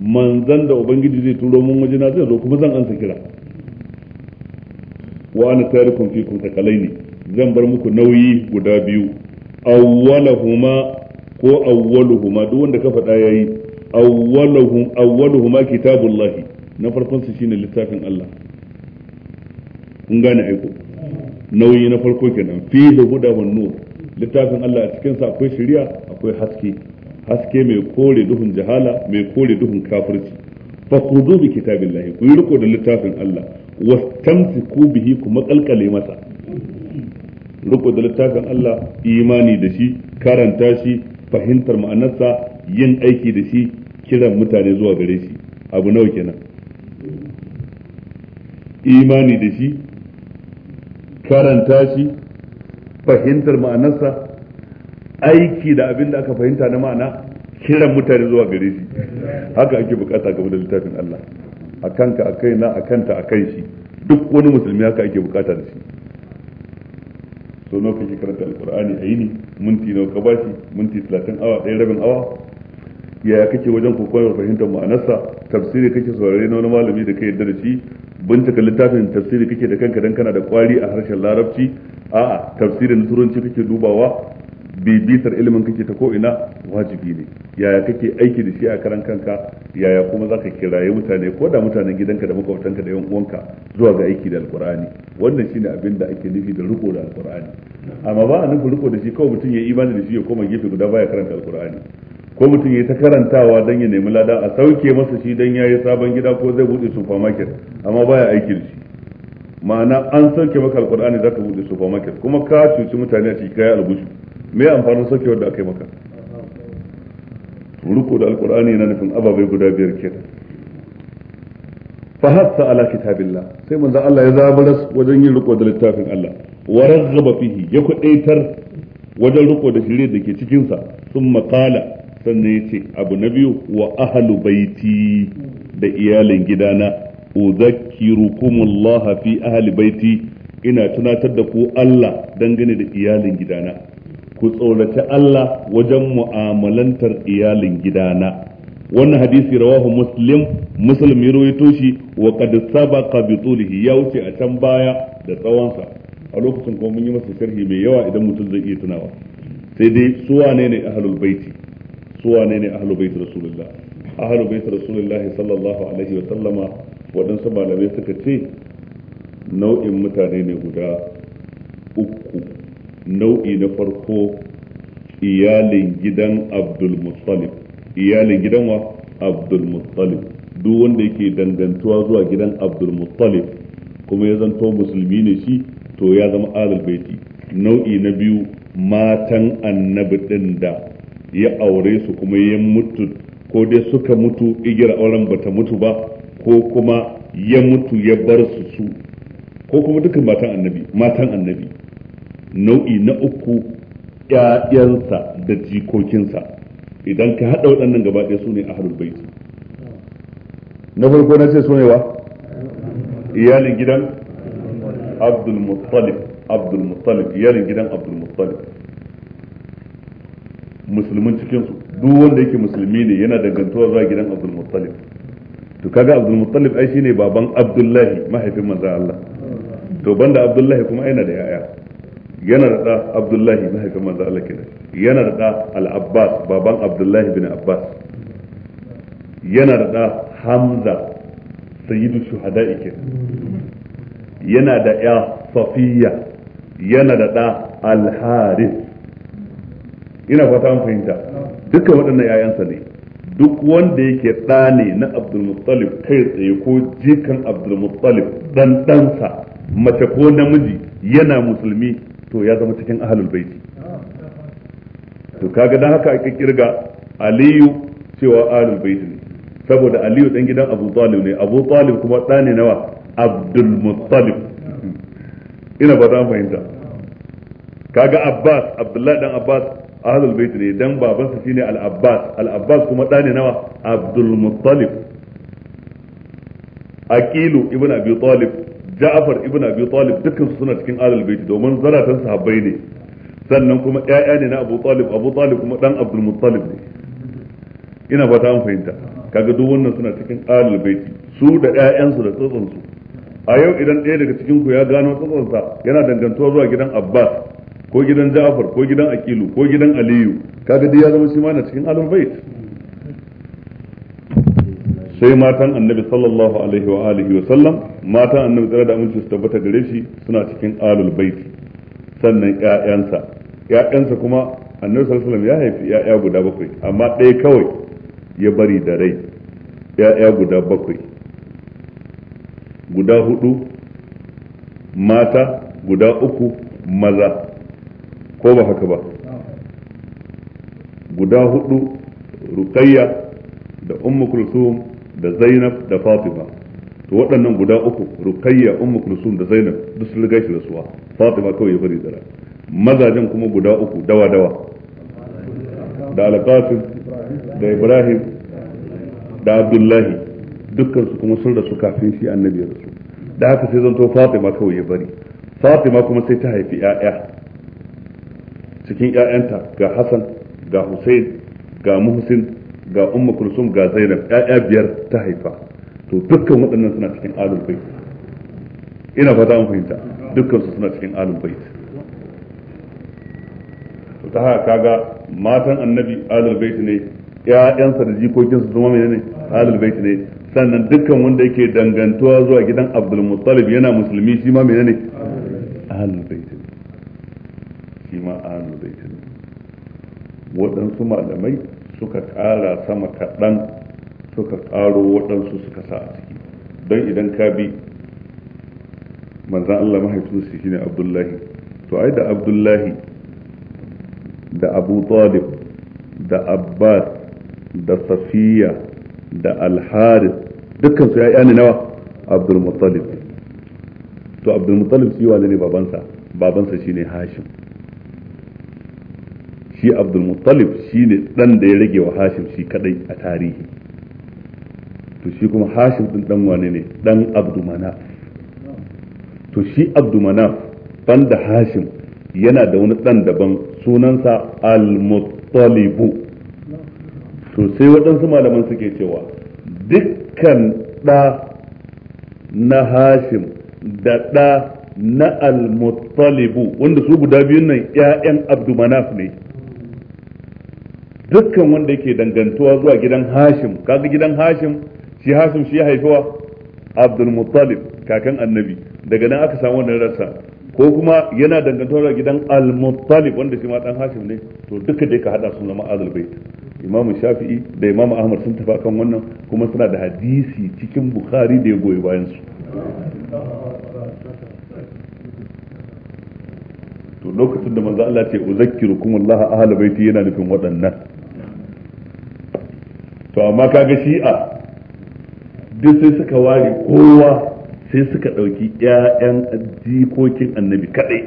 [SPEAKER 1] manzan da ubangiji zai turo mun wajena zai zo kuma zan ansa kira wa ana tarikun fi kun takalaini zan bar muku nauyi guda biyu awwalahuma ko awwaluhuma duk wanda ka faɗa yayi awwaluhum awwaluhuma kitabullahi na farkon su shine littafin Allah kun gane aiko nauyi na farko kenan fihi huda guda nur littafin Allah a cikin sa akwai shari'a akwai haske haske mai kore duhun jahala mai kore duhun kafirci fa khudhu bi kitabillahi ku riko da littafin Allah wastamsiku bihi ku makalkale masa riko da littafin Allah imani da shi karanta shi fahimtar ma'anarsa yin aiki da shi kiran mutane zuwa gare shi abu nawa kenan imani da shi karanta shi fahimtar ma'anarsa aiki da abin da aka fahimta na ma'ana kiran mutane zuwa gare shi haka ake bukata game da littafin Allah a kanka a kaina a kanta a kan shi duk wani musulmi haka ake bukata da shi so nawa kake karanta alkur'ani a yi ne minti nawa ka bashi minti talatin awa ɗaya rabin awa yaya kake wajen kokon fahimtar ma'anarsa tafsiri kake saurare na wani malami da ka yarda da shi bincika littafin tafsiri kake da kanka dan kana da kwari a harshen larabci a'a tafsirin turanci kake dubawa bibitar ilimin kake ta ko'ina wajibi ne yaya kake aiki da shi a karan kanka yaya kuma zaka kiraye mutane ko da mutanen gidanka da makwabtanka da yan uwanka zuwa ga aiki da alkur'ani wannan shine abin da ake nufi da riko da alkur'ani amma ba a nufi riko da shi kawai mutum ya imani da shi ya koma gefe guda baya karanta alkur'ani ko mutum ya ta karantawa don ya nemi lada a sauke masa shi don ya yi sabon gida ko zai buɗe supermarket amma baya aikin shi ma'ana an sauke maka alƙur'ani za ka buɗe supermarket kuma ka cuci mutane a ciki kayan albushi me amfanin sauke wanda aka yi maka ruku da alkur'ani yana nufin ababai guda biyar fa hasa ala kitabillah sai manzon Allah ya zabaras wajen yin ruku da littafin Allah wa raghaba fihi ya kudaitar wajen ruku da shirye da ke cikin sa sun maqala sannan ya ce abu na biyu wa ahalu baiti da iyalin gidana uzakkirukumullah fi ahli baiti ina tunatar da ku Allah dangane da iyalin gidana ku tsoraci Allah wajen mu'amalantar iyalin gidana wannan hadisi rawahu muslim muslim ya rawaito shi wa qad sabaqa bi tulihi ya wuce a can baya da tsawonsa a lokacin kuma mun yi masa sharhi mai yawa idan mutum zai iya tunawa sai dai su wane ne ahlul baiti su wane ne ahlul bait rasulullah ahlul bait rasulullah sallallahu alaihi wa sallama waɗansu malamai suka ce nau'in mutane ne guda uku nau'i na farko iyalin gidan abdul muttalib iyalin gidan wa abdul muttalib duk wanda yake dangantuwa zuwa gidan abdul muttalib kuma ya zanto musulmi ne shi to ya zama alal baiti nau'i na biyu matan annabi din da ya aure su kuma ya mutu ko dai suka mutu igira auren bata mutu ba ko kuma ya mutu ya bar su su ko kuma dukkan matan annabi matan annabi nau'i na uku ƴaƴansa da jikokinsa idan ka haɗa waɗannan gaba ɗaya su ne a harul baiti na farko na ce su ne wa iyalin gidan abdul muttalib abdul muttalib iyalin gidan abdul muttalib musulmin cikin su duk wanda yake musulmi ne yana dangantuwa zuwa gidan Abdul Muttalib to kaga Abdul Muttalib ai shine baban Abdullahi mahaifin manzon Allah to banda Abdullahi kuma yana da yaya yana da da Abdullahi mahaifin manzon Allah kenan yana da da Al-Abbas baban Abdullahi bin Abbas yana da da Hamza sayyidu shuhada'i ke yana da ya Safiya yana da da Al-Harith ina fata an fahimta dukkan waɗannan yayansa ne duk wanda yake ɗa ne na abdulmuttalib kai tsaye ko jikan abdulmuttalib dan ɗansa mace ko namiji yana musulmi to ya zama cikin ahalul baiti to kaga dan haka ake kirga aliyu cewa ahalul baiti ne saboda aliyu dan gidan abu talib ne abu talib kuma ɗa ne nawa abdulmuttalib ina ba ta fahimta kaga abbas abdullahi dan abbas ahlul bait ne dan babansa shine al-abbas al-abbas kuma da ne nawa abdul muttalib aqilu ibn abi talib ja'far ibn abi talib dukkan su suna cikin ahlul bait domin zaratan sahabbai ne sannan kuma ƴaƴa ne na abu talib abu talib kuma dan abdul muttalib ne ina fata an fahimta kaga duk wannan suna cikin ahlul bait su da ƴaƴansu da tsotsansu a yau idan ɗaya daga cikin ku ya gano tsotsansa yana dangantuwa zuwa gidan abbas ko gidan Ja'far ko gidan Aqilu ko gidan Aliyu kaga dai ya zama shi ma na cikin Ahlul bait sai matan annabi sallallahu alaihi wa alihi wa sallam matan annabi tsara da aminci su tabbata gare shi suna cikin Ahlul bait sannan ƴaƴansa ƴaƴansa kuma annabi sallallahu alaihi wasallam ya haifi ƴaƴa guda bakwai amma ɗaya kawai ya bari da rai ƴaƴa guda bakwai guda hudu mata guda uku maza ko ba haka ba guda hudu ruqayya da ummu kulsum da zainab da fatima to waɗannan guda uku ruqayya ummu kulsum da zainab duk sun riga shi rasuwa fatima kawai ya bari dara mazajen kuma guda uku dawa dawa
[SPEAKER 3] da alqasim da ibrahim
[SPEAKER 1] da abdullahi dukkan su kuma sun rasu kafin shi annabi ya rasu da haka sai zanto fatima kawai ya bari fatima kuma sai ta haifi 'ya'ya cikin ƴaƴanta ga Hassan ga Hussein ga Muhsin ga Ummu Kulsum ga Zainab ƴaƴa biyar ta haifa to dukkan waɗannan suna cikin alul bait ina fata an fahimta dukkan su suna cikin alul bait to ta haka kaga matan annabi alul bait ne ƴaƴansa da jikokinsu su mai menene alul bait ne sannan dukkan wanda yake dangantuwa zuwa gidan Abdul Muttalib yana musulmi shi ma menene alul bait waɗansu malamai suka ƙara sama kaɗan suka ƙaro waɗansu suka sa a ciki don idan ka bi manzan Allah mahaifinsu shine abdullahi to ai da abdullahi da abu talib da abbas da safiya da alharis dukkan su yi ne nawa abdulmuttalib to abdulmuttalib yi wane ne babansa babansa shine hashim shi abdul muttalib shine dan da ya rage wa hashim shi kadai a tarihi to shi kuma hashim din dan wane ne dan abdu manaf to shi abdu manaf da hashim yana da wani dan daban sunansa al sosai to sai waɗansu malaman suke cewa dukkan ɗa na hashim da ɗa na al wanda su guda biyun nan 'ya'yan abdu ne dukkan wanda yake dangantuwa zuwa gidan hashim kaga gidan hashim shi hashim shi ya haifiwa abdul muttalib kakan annabi daga nan aka samu wannan rassa ko kuma yana dangantuwa zuwa gidan al muttalib wanda shi ma dan hashim ne to duka dai ka hada su zama azul bait imam shafi'i da imam ahmad sun tafi kan wannan kuma suna da hadisi cikin bukhari da ya goyi bayan su to lokacin da manzo Allah ce uzakkirukum Allah ahla baiti yana nufin waɗannan to amma kaga shi'a duk sai suka ware kowa sai suka ɗauki 'ya'yan jikokin annabi kaɗai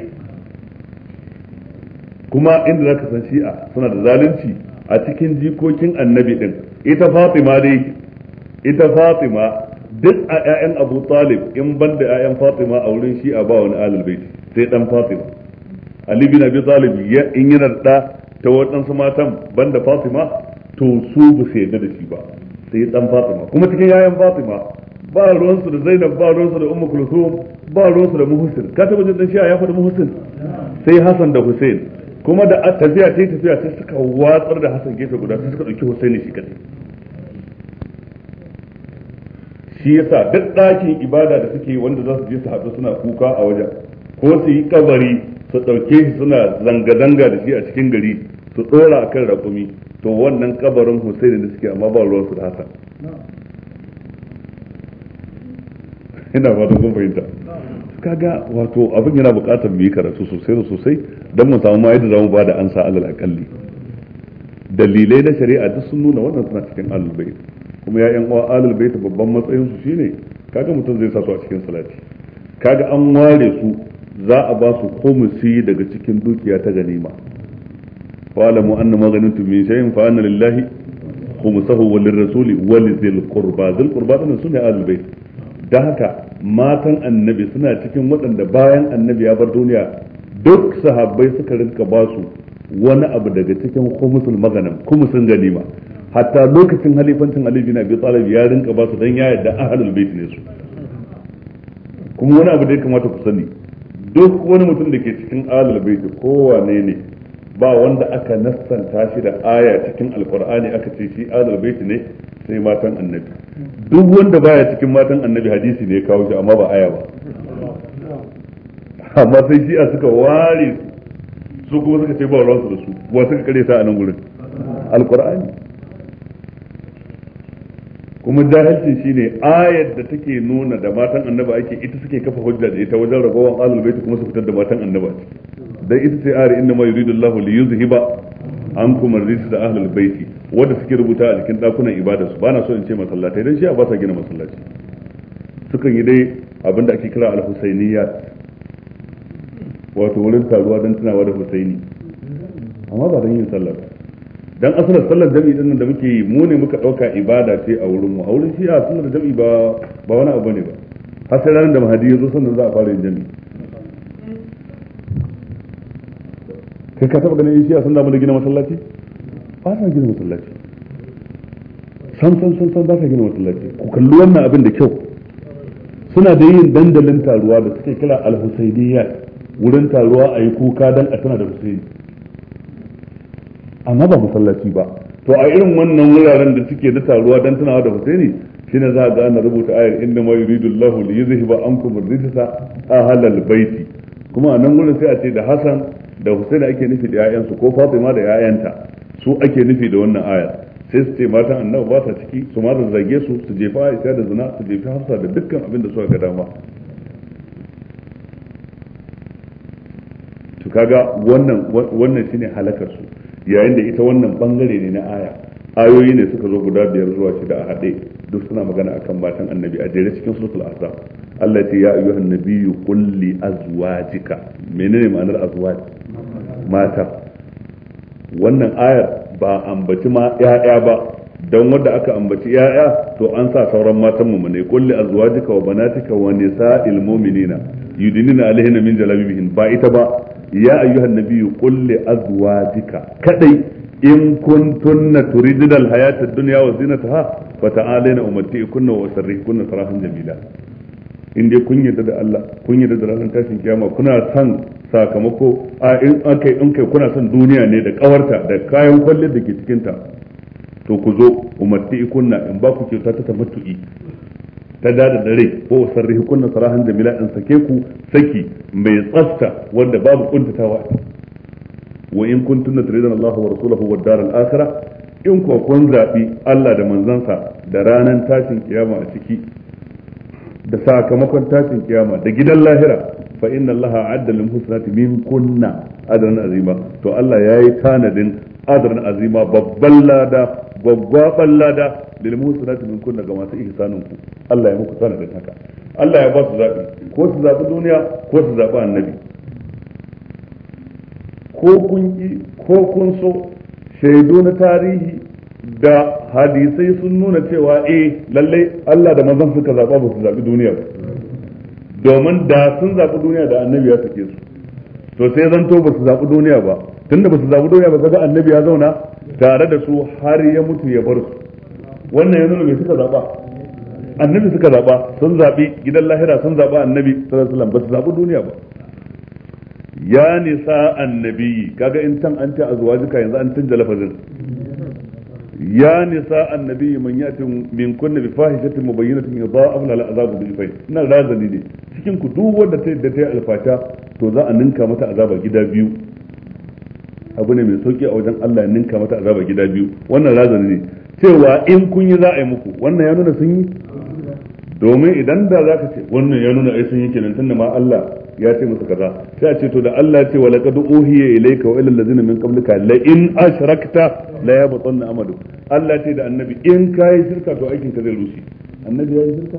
[SPEAKER 1] kuma inda za ka san shi'a suna da zalunci a cikin jikokin annabi ɗin ita fatima dai ita fatima duk a 'ya'yan abu talib in ban da 'ya'yan fatima a wurin shi'a ba wani alal baiti sai ɗan fatima ali na bi talib in yana da ta waɗansu matan ban da fatima to su ba su yarda da shi ba sai dan Fatima kuma cikin yayan Fatima ba ruwansu da Zainab ba ruwan su da Ummu Kulthum ba ruwan su da Muhsin ka taba jin dan shi ya faɗi Muhsin sai Hassan da Hussein kuma da tafiya ta tafiya sai suka watsar da Hassan gefe guda sai suka dauki Hussein shi kadai shi yasa duk ɗakin ibada da suke wanda za su je su haɗu suna kuka a wajen ko su yi kabari su ɗauke shi suna zanga-zanga da shi a cikin gari su ɗora a kan raƙumi to wannan kabarin Husaini da suke amma ba ruwan su da haka ina da kuma fahimta kaga wato abin yana bukatar mu yi karatu sosai da sosai don mu samu ma'aikata za mu ba da ansa alal akalli dalilai na shari'a duk sun nuna wannan suna cikin alalbai kuma ya yan uwa alalbai ta babban matsayin su shine kaga mutum zai sa su a cikin salati kaga an ware su za a ba su komisi daga cikin dukiya ta ganima fa'lamu anna ma ghanimtum min shay'in fa anna lillahi khumsahu wa lirrasuli wa lidhil qurba dhil qurba din sunne ahlul bait da haka matan annabi suna cikin waɗanda bayan annabi ya bar duniya duk sahabbai suka rinka ba su wani abu daga cikin khumsul maganam khumsun ganima hatta lokacin halifancin Ali bin Abi Talib ya rinka ba su dan ya yarda ahlul bait ne su kuma wani abu da ya kamata ku sani duk wani mutum da ke cikin ahlul bait kowane ne ba wanda aka nassanta shi da aya cikin alkur'ani aka ce shi adal baiti ne sai matan annabi duk wanda baya cikin matan annabi hadisi ne ya kawo shi amma ba aya ba amma sai shi a suka ware su kuma suka ce ba ruwansu da su wa suka kare sa a nan gurin alkur'ani kuma jahilci shine ayar da take nuna da matan annaba ake ita suke kafa hujja da ita wajen ragowar alul baiti kuma su fitar da matan annaba a ciki da ita ce ari inna ma yuridu Allah li yuzhiba ankum ar da ahlul baiti wanda suke rubuta a cikin dakunan ibada su bana so in ce masallatai dan shi ba sa gina masallaci sukan yi dai abinda ake kira al-husainiyya wato wurin taruwa dan tunawa da Husaini amma ba dan yin sallah dan asalar sallar jami'i din da muke yi mu ne muka dauka ibada ce a wurin mu a wurin shi a sallar jami'i ba ba wani abu ne ba har sai ranar da mahadi ya zo sannan za a fara yin jami'i kai ka taba ganin shiya sun damu da gina masallaci ba sa gina masallaci san san san san ba sa gina masallaci ku kalli wannan abin da kyau suna da yin dandalin taruwa da suke kira al-husaydiyya wurin taruwa a yi kuka dan a tana da husaini amma ba masallaci ba to a irin wannan wuraren da suke da taruwa dan tunawa da husaini shine za ga ana rubuta ayar inna ma yuridu Allahu li yuzhiba ankum ar-rijsa ahlal baiti kuma a nan gurin sai a ce da Hassan da Husaini ake nufi da ƴaƴansu ko Fatima da ƴaƴanta su ake nufi da wannan aya sai su ce matan annabi ba ta ciki su ma zage su su jefa Aisha da zina su jefa Hafsa da dukkan abin da suka ga dama to kaga wannan wannan shine halakar su yayin da ita wannan bangare ne na aya ayoyi ne suka zo guda biyar zuwa shida a haɗe duk suna magana akan matan annabi a jere cikin suratul ahzab Allah ce ya ayyuha nabiyyu qul li azwajika menene ma'anar azwaj mata wannan ayar ba ambaci ma ya'ya ba don wanda aka ambaci ya'ya to an sa sauran matan mu ne qul li azwajika wa banatika wa nisa'il mu'minina yudinina alaihinna min jalabibihin ba ita ba ya ayyuha nabiyyu qul li azwajika kadai in kuntunna turidna alhayata ad-dunya wa zinataha fa ta'alayna kunna wa sarrihkunna sarahan jamila in dai kun yarda da Allah kun yarda da ranar tashin kiyama kuna son sakamako a in aka in kai kuna son duniya ne da kawarta da kayan kwalliyar da ke cikin ta to ku zo umarti kunna in ba ku kyauta ta tamattu'i ta dada da rai ko sarrihi kunna sarahan jamila in sake ku saki mai tsafta wanda babu kuntatawa wa in kuntunna turidan Allah wa rasulahu wa daral akhirah in ku kun zabi Allah da manzansa da ranar tashin kiyama a ciki da sakamakon tashin kiyama da gidan lahira fa inna allaha adda lil husnati min kunna adran azima to Allah yayi tanadin adran azima babban lada gwaggwaban lada lil husnati min kunna ga masu ihsanin ku Allah ya muku tanadin haka Allah ya ba su zabi ko su zabi duniya ko su zabi annabi ko kun ko kun so shaidu na tarihi da hadisai sun nuna cewa eh lallai Allah da manzon suka zaba ba su zabi duniya ba domin da sun zabi duniya da annabi ya sake su to sai zanto ba su zabi duniya ba tunda ba su zabi duniya ba kaga annabi ya zauna tare da su har ya mutu ya bar su wannan ya nuna me suka zaba annabi suka zaba sun zabi gidan lahira sun zaba annabi sallallahu alaihi wasallam ba su zabi duniya ba ya nisa annabi kaga in can an ce azwajika yanzu an canja lafazin ya nisa annabi man yati min kunna bi fahishatin mubayyinatin yudha'af lal azabu bi fayn ina razani ne cikin ku duk wanda ta yadda ta yi alfata to za a ninka mata azaba gida biyu abu ne mai sauki a wajen Allah ya ninka mata azaba gida biyu wannan razani ne cewa in kun yi za a yi muku wannan ya nuna sun yi domin idan da zaka ce wannan ya nuna ai sun yi kenan tunda ma Allah ya ce masa kaza sai a ce to da Allah ce wa laqad uhiya ilayka wa ilal ladzina min qablika la in ashrakta la yabtanna amalu Allah ce da annabi in kai shirka to aikin ka zai rushe annabi ya yi shirka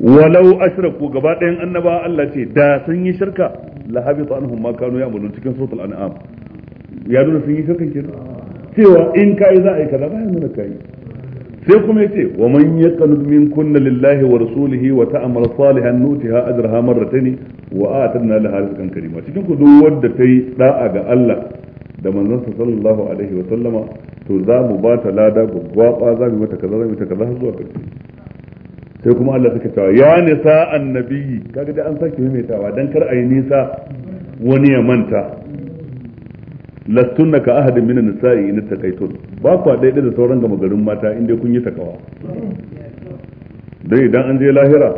[SPEAKER 1] walau ashraku gaba ɗayan annaba Allah ce da sun yi shirka la habita anhum ma kanu ya'malun cikin suratul an'am ya nuna sun yi shirkan kenan cewa in kai za a yi kaza ba ya nuna kai sai kuma yace wa man yaqnud min kunna lillahi wa rasulihi wa ta'mal salihan nutiha ajraha marratayn wa atadna laha rizqan karima cikin ku duk wanda tayi da'a ga Allah da manzansa sallallahu alaihi wa sallama to za mu ba ta lada gwaggwaba za mu mata kaza za mu mata kaza har zuwa karshe sai kuma Allah suka cewa ya nisa annabi kaga dai an sake maimaitawa dan kar a yi nisa wani ya manta lastunna ka ahadin minan nisa'i in taqaitun ba kwa daidai da sauran gama garin mata inda kun yi takawa dai idan an je lahira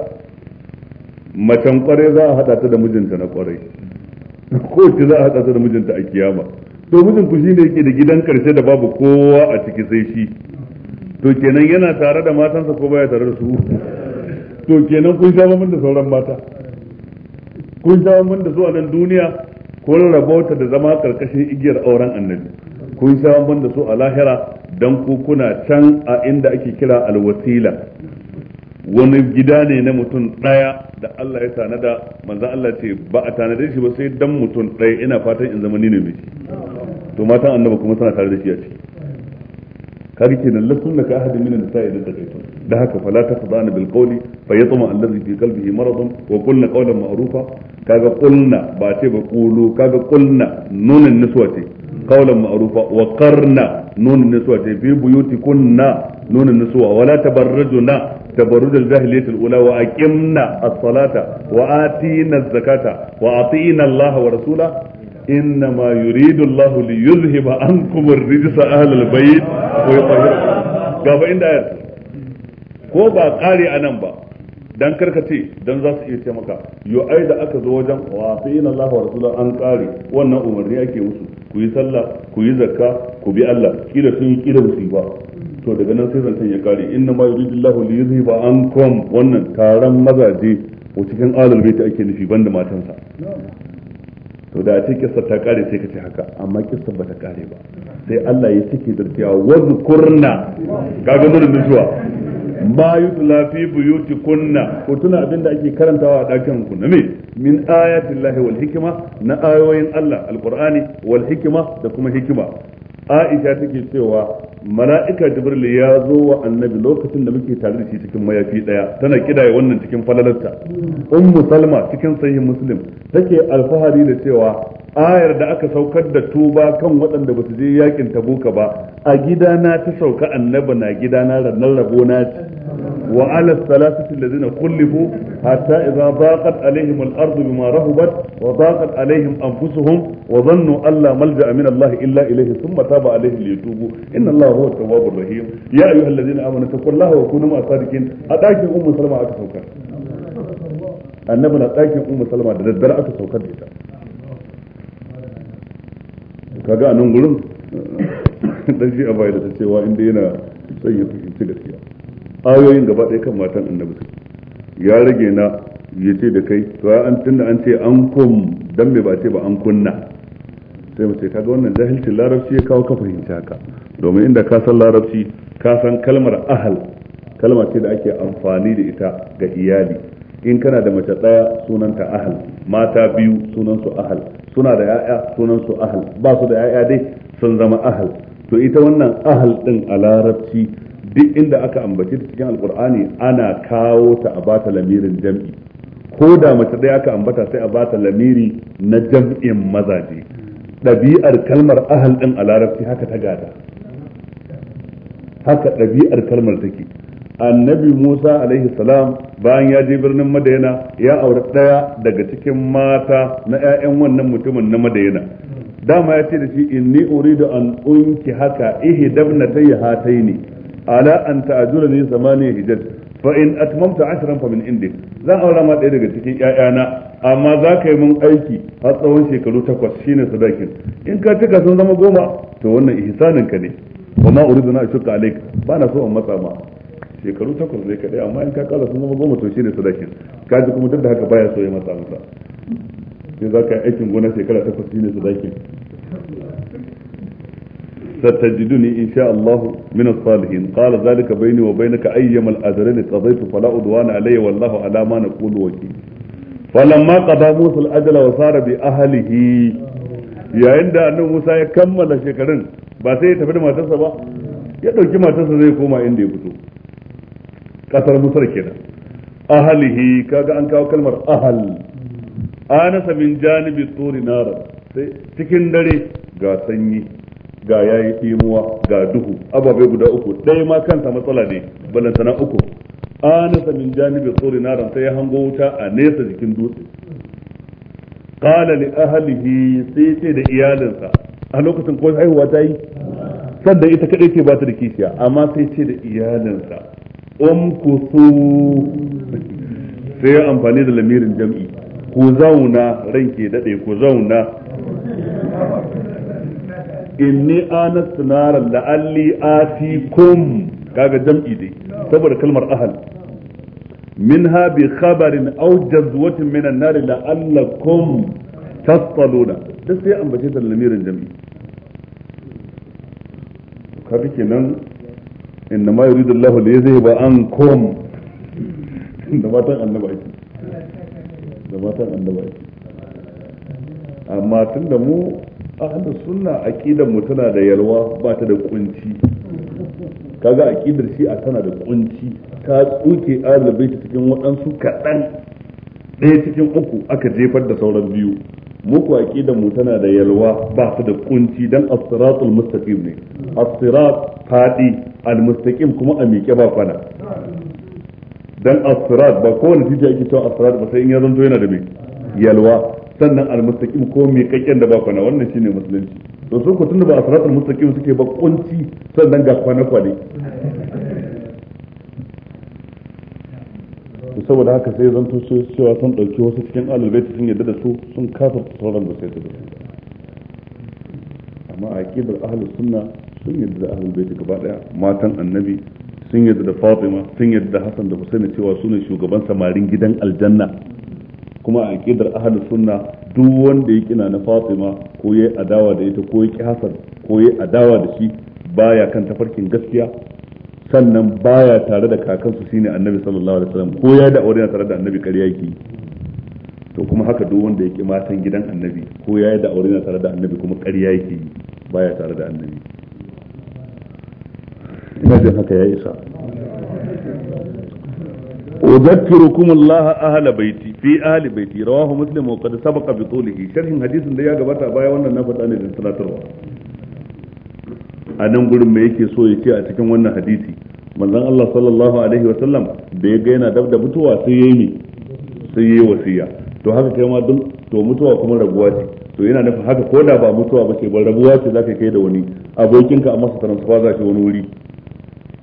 [SPEAKER 1] macen kwarai za a haɗa ta da mijinta na kwarai ko ce za a haɗa ta da mijinta a kiyama to mijin ku shine yake da gidan karshe da babu kowa a ciki sai shi to kenan yana tare da matansa ko baya tare da su to kenan kun sha mamun da sauran mata kun sha mamun da su a nan duniya ko rarrabauta da zama karkashin igiyar auren annabi kun sha ban da su a lahira dan ku kuna can a inda ake kira alwasila wani gida ne na mutum ɗaya da Allah ya tanada manzan Allah ce ba a tanade shi ba sai dan mutum daya ina fatan in zama ni ne miki to matan annaba kuma suna tare da shi a ciki kar ke nan lasun da ka ahadin min nisa da ta da haka fala ta fadana bil qawli fa yatma allazi fi qalbihi maradun wa qulna qawlan ma'rufa kaga qulna ba ce ba qulu kaga qulna nunin niswa ce قولا معروفا وقرنا نون النسوة في بيوتكن نون النسوة ولا تبرجنا تبرج الجاهلية الأولى وأقمنا الصلاة وآتينا الزكاة وأطينا الله ورسوله إنما يريد الله ليذهب عنكم الرجس أهل البيت ويطهركم gaba inda ayar ko ba ƙari a nan ba dan karkace dan za su iya ce maka yo ai da aka zo wajen wa fi inna Allah wa rasulullah an ƙare wannan umarni ake musu ku yi sallah ku yi zakka ku bi Allah kila sun yi kila su ba to daga nan sai zantan ya kare inna ma yuridullahu li yuzhiba ankum wannan taron mazaje ko cikin alal baiti ake nufi banda matansa to da ce kissa ta kare sai ka ce haka amma kissa ba ta kare ba sai Allah ya cike da cewa wazkurna kaga mun zuwa ma yutla fi buyutikunna ku tuna abinda ake karantawa a dakin ku na me min ayatin lahi wal hikima na ayoyin Allah alqur'ani wal hikima da kuma hikima Aisha take cewa mala'ika Jibril ya zo wa annabi lokacin da muke tare da shi cikin mayafi daya tana kidaya wannan cikin falalarta ummu salma cikin sahih muslim take alfahari da cewa ayar da aka saukar da tuba kan waɗanda ba su je yakin tabuka ba a gidana ta sauka annaba na gidana ranar rabo na ci wa ala salatati allazina kullifu hatta idza daqat alaihim al-ard bima rahabat wa daqat alaihim anfusuhum wa dhannu alla malja'a min Allah illa sun ilayhi thumma taba alaihim liyatubu inna Allah huwa at-tawwabur rahim ya ayyuhallazina amanu taqullaha wa kunu ma'as sadiqin a dakin ummu salma aka saukar annabi na dakin ummu salma da daddare aka saukar da ita kaga a nan gurin eh, dan shi a bayyana ta cewa inda yana son ya fahimci gaskiya ayoyin gaba ɗaya kan matan annabi suke ya rage na ya ce da kai to an tunda an ce an kum dan me ba ce ba an kunna sai mu ce kaga wannan jahilcin larabci ya kawo ka fahimci haka domin inda ka san larabci ka san kalmar ahal kalma ce da ake amfani da ita ga iyali in kana da mace ɗaya sunanta ahal mata biyu sunansu ahal suna da ya'ya sunan su ahal ba su da ya'ya dai sun zama ahal to ita wannan ahal din a larabci duk inda aka ambaci ta cikin alkur'ani ana kawo ta a bata lamirin jam'i ko da mace ɗaya aka ambata sai a bata lamiri na jam'in mazaje ɗabi'ar kalmar ahal din a larabci haka ta gada haka ɗabi'ar kalmar take annabi Musa alaihi salam bayan ya je birnin Madayana ya aure ɗaya daga cikin mata na 'ya'yan wannan mutumin na Madayana dama ya ce da shi inni uridu an unki haka hatai hataini ala an ta'jurani zamani hijaj fa in atmamta ashran fa min indi. zan aura ma ɗaya daga cikin 'ya'yana, amma za ka yi mun aiki har tsawon shekaru takwas shine sadakin in ka cika sun zama goma to wannan ihsanin ka ne wa ma uridu na shuka alaik ba na so in matsa ma shekaru takwas ne kaɗai, amma in ka ƙara sun zama goma to shine sadakin kaji kuma duk da haka baya so ya matsa masa sai za ka yi aikin gona shekara takwas ne sadakin ستجدني إن شاء الله من الصالحين قال ذلك بيني وبينك أيما الأجرين قضيت فلا عدوان علي والله على ما نقول وكيل فلما قضى موسى الأجل وصار بأهله يا عند أن موسى يكمل شكرا ba sai ya tafi da matarsa ba ya ɗauki matarsa zai koma inda ya fito kasar misra kenan ahalihi kaga an kawo kalmar ahal anasa min janibi turi nara sai cikin dare ga sanyi ga yayi imuwa, ga duhu ababai guda uku ɗaya ma kanta matsala ne na uku anasa min janibi turi nara sai ya hango wuta a nesa jikin dutse qala li ahlihi sai ce da iyalinsa a lokacin ko haihuwa ta yi sanda ita kadai ce ba ta da kishiya amma sai ce da iyalinsa umkusu sai amfani da lamirin jam'i ku zauna ranke dade ku zauna inni anastu naran la'alli atikum kaga jam'i dai saboda kalmar ahal minha bi khabarin aw jazwatin min an-nar la'allakum tastaluna duk sai ambace da lamirin jam'i kaga kenan inna ma yuridu Allahu li yuzhiba ankum da matan annaba yake da matan annaba yake amma tunda mu ahlus sunna aqidar mu tana da yalwa ba ta da kunci kaga aqidar shi a tana da kunci ta tsuke azabai ta cikin waɗansu kaɗan ɗaya cikin uku aka jefar da sauran biyu muku aqidar mu tana da yalwa ba ta da kunci dan as-siratul mustaqim ne as-sirat fadi al kuma a miƙe ba kwana dan as ba kowane titi ake cewa as-sirat ba sai in ya zanto yana da mai yalwa sannan al-mustaqim ko miƙaƙƙen da ba kwana wannan shine musulunci to su ko tunda ba asirat sirat suke ba kunci sannan ga kwana kwane saboda haka sai zanto cewa sun ɗauki wasu cikin alalbaiti sun yadda da su sun kafa sauran da sai su amma a aƙidar ahalus sunna sun yadda da ahlul baiti gaba daya matan annabi sun yadda da fatima sun yadda da hasan da husaini cewa su ne shugaban samarin gidan aljanna kuma a aqidar ahlus sunna duk wanda ya kina na fatima ko yayi adawa da ita ko ya ki hasan ko yayi adawa da shi baya kan tafarkin gaskiya sannan baya tare da kakansu shine annabi sallallahu alaihi wasallam ko ya da aure yana tare da annabi ƙarya yake to kuma haka duk wanda yake matan gidan annabi ko ya da aure yana tare da annabi kuma ƙarya yake baya tare da annabi ina haka ya isa أذكركم الله أهل بيتي في أهل بيتي رواه مسلم وقد سبق بطوله شرح حديث da ya gabata wannan na ne da a gurin me yake so ya ce a cikin wannan hadisi manzon Allah sallallahu alaihi wa sallam da ya ga yana dab da mutuwa sai yayi ne sai yayi wasiya to haka kai ma dun to mutuwa kuma rabuwa ce to yana nufin haka ko da ba mutuwa ba ban rabuwa ce zaka kai da wani masa wani wuri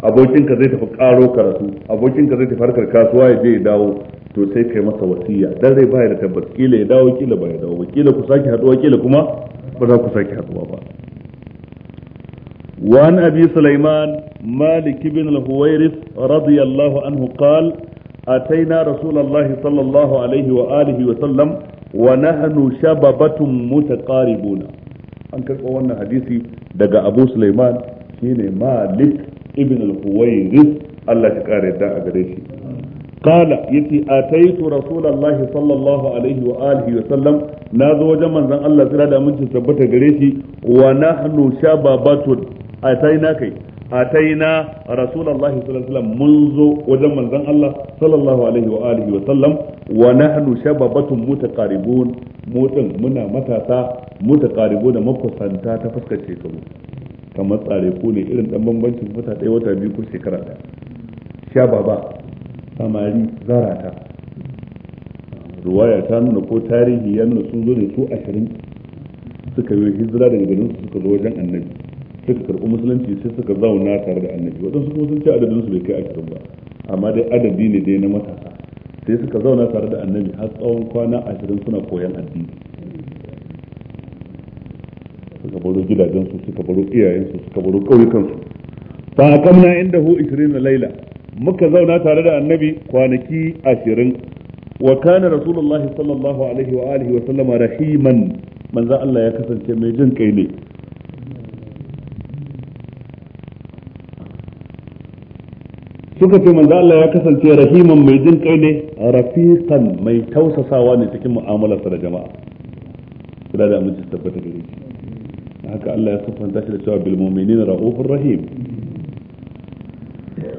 [SPEAKER 1] abokinka zai tafi karo karatu abokinka zai tafi harkar kasuwa ya je ya dawo to sai kai masa wasiya dan zai bayar da tabbas kila ya dawo kila ba ya dawo ba kila ku sake haduwa kila kuma ba za ku sake haduwa ba وعن أبي سليمان مالك بن الهويرث رضي الله عنه قال أتينا رسول الله صلى الله عليه وآله وسلم ونحن شببة متقاربون أنكر wannan حديثي دقى أبو سليمان شيني مالك ibn al-Huwayris Allah ya kare da a gare shi qala yati ataitu rasulullahi sallallahu alaihi wa alihi wa sallam na zo wajen manzon Allah tsira da mun tabbata gare shi wa nahnu shababatun ataina kai ataina rasulullahi sallallahu alaihi wa sallam mun zo wajen manzon Allah sallallahu alaihi wa alihi wa sallam wa nahnu shababatun mutaqaribun mutun muna matasa mutaqaribun da makusanta ta fuskace ta mu kamar tsare ko ne irin dan bambancin wata ɗaya wata biyu ko shekara ɗaya sha baba samari zarata ruwaya ta nuna ko tarihi ya nuna sun zo ne su ashirin suka yi hijira daga garin su suka zo wajen annabi suka karɓi musulunci sai suka zauna tare da annabi waɗansu kuma sun ce adadin su bai kai ashirin ba amma dai adadi ne dai na matasa sai suka zauna tare da annabi har tsawon kwana ashirin suna koyan addini suka baro gidajensu suka baro iyayensu suka baro ƙauyukansu
[SPEAKER 2] fa aqamna
[SPEAKER 1] indahu 20 Layla, muka zauna tare da annabi kwanaki 20 wa kana rasulullahi sallallahu alaihi wa alihi wa sallama rahiman manzo Allah ya kasance mai jin kai ne suka ce manzo Allah ya kasance rahiman mai jin kai ne rafiqan mai tausasawa ne cikin mu'amalarsa da jama'a kula da aminci tabbata gare shi haka Allah ya siffanta shi da cewa bil mu'minina ra'ufur rahim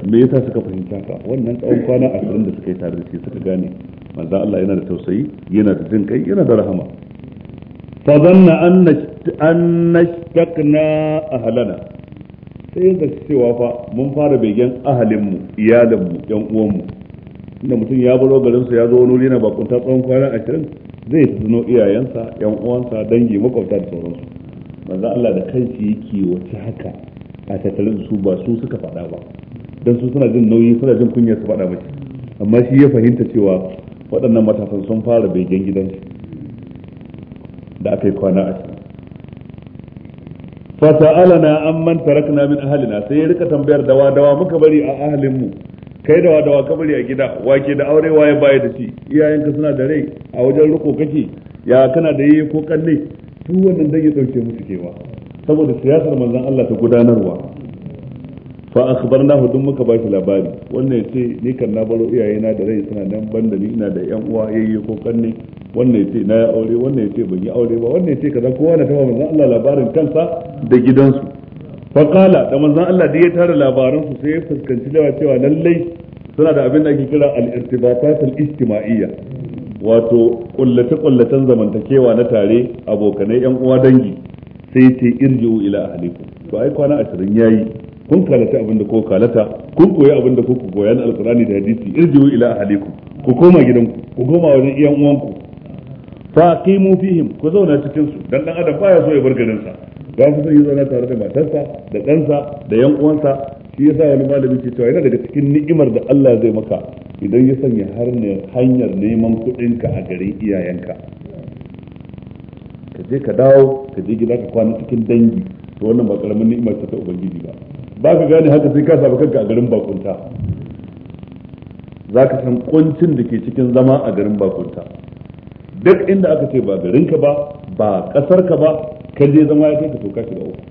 [SPEAKER 1] me yasa suka fahimta ka wannan tsawon kwana 20 da suka yi tare da shi suka gane manzo Allah yana da tausayi yana da jin kai yana da rahama fa zanna anna anna shakna ahlana sai yanzu cewa fa mun fara begen ahalinmu iyalinmu yan uwanmu inda mutum ya baro garinsa ya zo wani wuri na bakunta tsawon kwana ashirin zai tuno iyayensa yan uwansa dangi makwabta da sauransu manzo Allah da kanshi yake wace haka a tattalin su ba su suka faɗa ba dan su suna jin nauyi suna jin kunya su faɗa mace amma shi ya fahimta cewa waɗannan matasan sun fara begen gidansu da aka yi kwana a fasa'alana an man tarakna min ahalina sai ya rika tambayar dawa dawa muka bari a ahalin mu kai dawa dawa ka bari a gida wake da aure waye baya da shi iyayenka suna da rai a wajen riko kake ya kana da yi ko kanne duk wannan dan ya dauke musu kewa saboda siyasar manzon Allah ta gudanarwa fa akhbarnahu dun muka bashi labari wannan yace ni kan na baro iyayena da rai suna nan banda ni ina da yan uwa yayye ko kanne wannan yace na ya aure wannan yace ban yi aure ba wannan yace kaza kowa na tama manzon Allah labarin kansa da gidansu fa qala da manzon Allah da ya tara labaran su sai ya fuskanci cewa lallai suna da abin da ake kira al-irtibatat al-ijtima'iyya wato kullace kullacen zamantakewa na tare abokanai yan uwa dangi sai ce irji'u ila ahlikum to ai kwana 20 yayi kun kalata abin da ko kalata kun koyi abin da kuku goyan alqur'ani da hadisi irji'u ila ahlikum ku koma gidanku ku koma wajen iyan uwanku fa qimu fihim ku zauna cikin su dan dan adam baya so ya bar garin sa ga su sai zauna tare da matarsa da ɗansa da yan uwansa shi yasa wani malami ke cewa yana daga cikin ni'imar da Allah zai maka idan ya sanya har ne hanyar neman kuɗinka a garin iyayenka ka je ka dawo ka je gida ka kwana cikin dangi to wannan ba karamin ni'imar ta ubangiji ba ba ka gane haka sai ka saba kanka a garin bakunta za ka san kuncin da ke cikin zama a garin bakunta duk inda aka ce ba garinka ba ba kasarka ba ka je zama ya kai ka toka shi da uku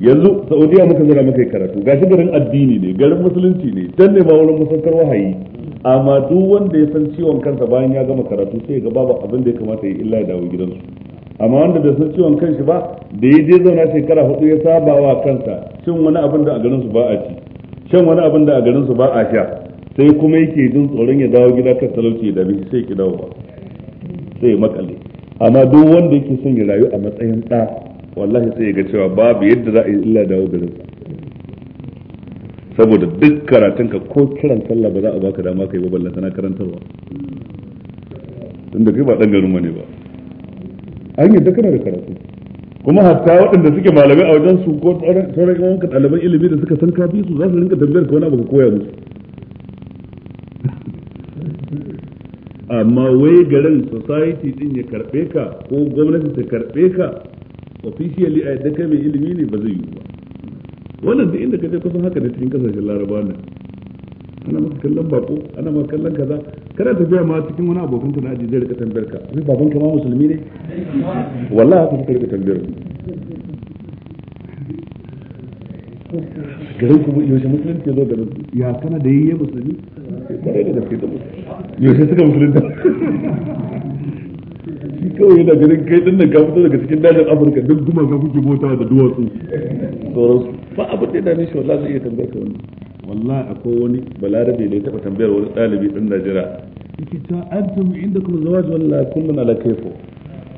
[SPEAKER 1] yanzu saudiya muka zira muka yi karatu shi garin addini ne garin musulunci ne can ne ba wurin musulkar wahayi amma duk wanda ya san ciwon kansa bayan ya gama karatu sai ga babu abin da ya kamata ya illa ya dawo gidansu amma wanda bai san ciwon kanshi ba da ya je zauna shekara hudu ya saba wa kansa shin wani abin da a garin su ba a ci shan wani abin da a garin su ba a sha sai kuma yake jin tsoron ya dawo gida kan talauci ya dabe sai ki dawo ba sai makale amma duk wanda yake son ya rayu a matsayin ɗa wallahi sai ga cewa babu yadda za a yi illa dawo garin saboda duk karatun ka ko kiran sallah ba za a baka dama kai ba ballan sana karantarwa tunda kai ba dan garin ne ba an yadda kana da karatu kuma hatta waɗanda suke malamai a wajen su ko sauran yan wanka ɗaliban ilimi da suka san kafi su za su rinka tambayar ka wani abu ka koya musu amma wai garin society din ya karɓe ka ko gwamnati ta karɓe ka officially a yadda kai mai ilimi ne ba zai yi ba wannan inda ka kusan haka ne kasashen laraba ne ana maka kallon bako ana maka kallon kaza kana tafiya ma cikin wani abokan ta zai rika tambayar ka ni baban ka ma musulmi ne wallahi haka suka rika tambayar ku garin ku yaushe musulunci ya zo garin ya kana da yayye musulmi kare da gaske da musulmi yaushe suka
[SPEAKER 3] musulunta
[SPEAKER 1] shi kawai yana ganin kai din nan ka fito daga cikin dajin Afirka duk duma ka kuke mota da duwatsu sauransu ba abin da yana nishi shi wallahi zai iya tambayar ka wani wallahi akwai wani balarabe da ya taɓa tambayar wani ɗalibi din Najeriya yake ta antum inda kuma zawaj walla kullun ala kayfo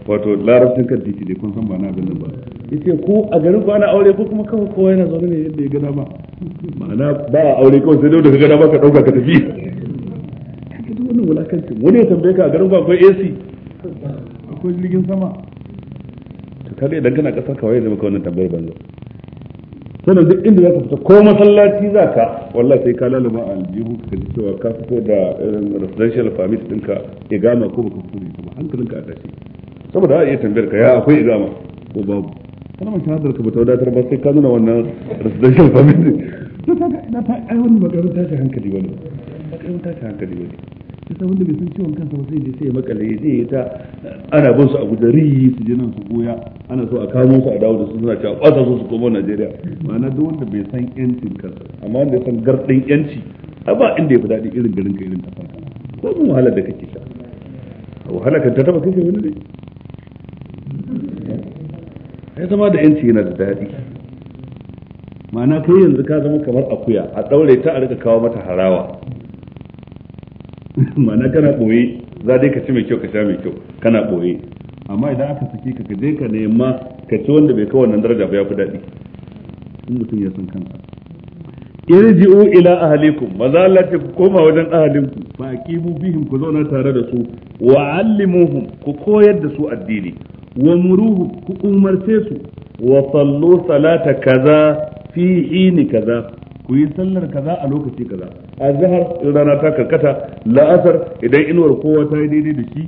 [SPEAKER 1] wato larabcin kan titi dai kun san ba na abin nan ba yace ko a garin ku ana aure ko kuma kawai kowa yana zaune ne yadda ya gada ba ma'ana ba a aure kawai sai dole daga gada ba ka dauka ka tafi wani ya tambaye ka a garin ba akwai AC ko jirgin sama to kaga idan kana kasar kawai zai maka wannan tambayar banza sannan duk inda zaka fita ko masallaci zaka wallahi sai ka a aljihu ka ji cewa ka fito da eh, residential permit ɗinka igama ko baka fito da ita ba hankalinka a tashi saboda a iya tambayar ka ya akwai igama ko babu mai shahadar ka bata wadatar ba sai ka nuna wannan residential permit to kaga ina ta ai wani ba ta hankali bane ba ta hankali wani kasa wanda bai san ciwon kansa ba sai je sai ya makale ya je ya ta ana bin su a gudari su je nan su goya ana so a kamo su a dawo da su suna cewa kwata su su komo Najeriya ma'ana duk wanda bai san yancin kansa amma wanda ya san gardin yanci a ba inda ya fi daɗi irin garin ka irin kafar ka ko mun wahala da kake sha wahala ka ta taba kai wani ne ai zama da yanci yana da daɗi ma'ana kai yanzu ka zama kamar akuya a ɗaure ta a rika kawo mata harawa ma'ana kana boye za dai ka ci mai kyau ka sha mai kyau kana boye amma idan aka saki ka ka je ka nema ka ci wanda bai kai wannan daraja ba ya fi daɗi in mutum ya san kansa irji'u ila ahlikum maza Allah koma wajen ahlinku fa aqimu bihim ku zauna tare da su wa allimuhum ku koyar da su addini wa muruhu ku umarce su wa sallu salata kaza fi hini kaza ku yi sallar kaza a lokaci kaza azhar in rana ta karkata la'asar idan inuwar kowa ta yi daidai da shi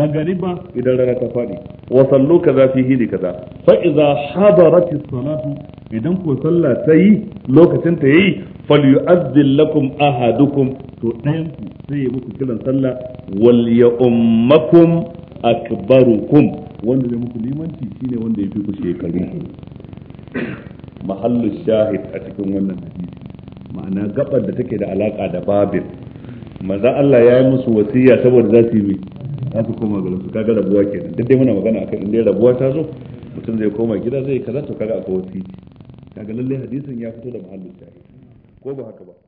[SPEAKER 1] magariba idan rana ta faɗi wa sallu kaza fi hili kaza fa idza hadarat salatu idan ko sallah ta yi lokacin ta yi falyu'adhdhil lakum ahadukum to ɗayan ku sai ya muku kiran sallah wal ya'ummakum akbarukum wanda zai muku limanci shine wanda ya fi ku shekaru mahallu shahid a cikin wannan hadisi ma'ana gabar da take da alaka da babil maza Allah ya yi musu wasiya saboda za su yi za su koma ga su kaga rabuwa kenan duk dai muna magana akan inda rabuwa ta zo mutum zai koma gida zai kaza to kaga akwai wasi kaga lalle hadisin ya fito da mahallin shahid ko ba haka ba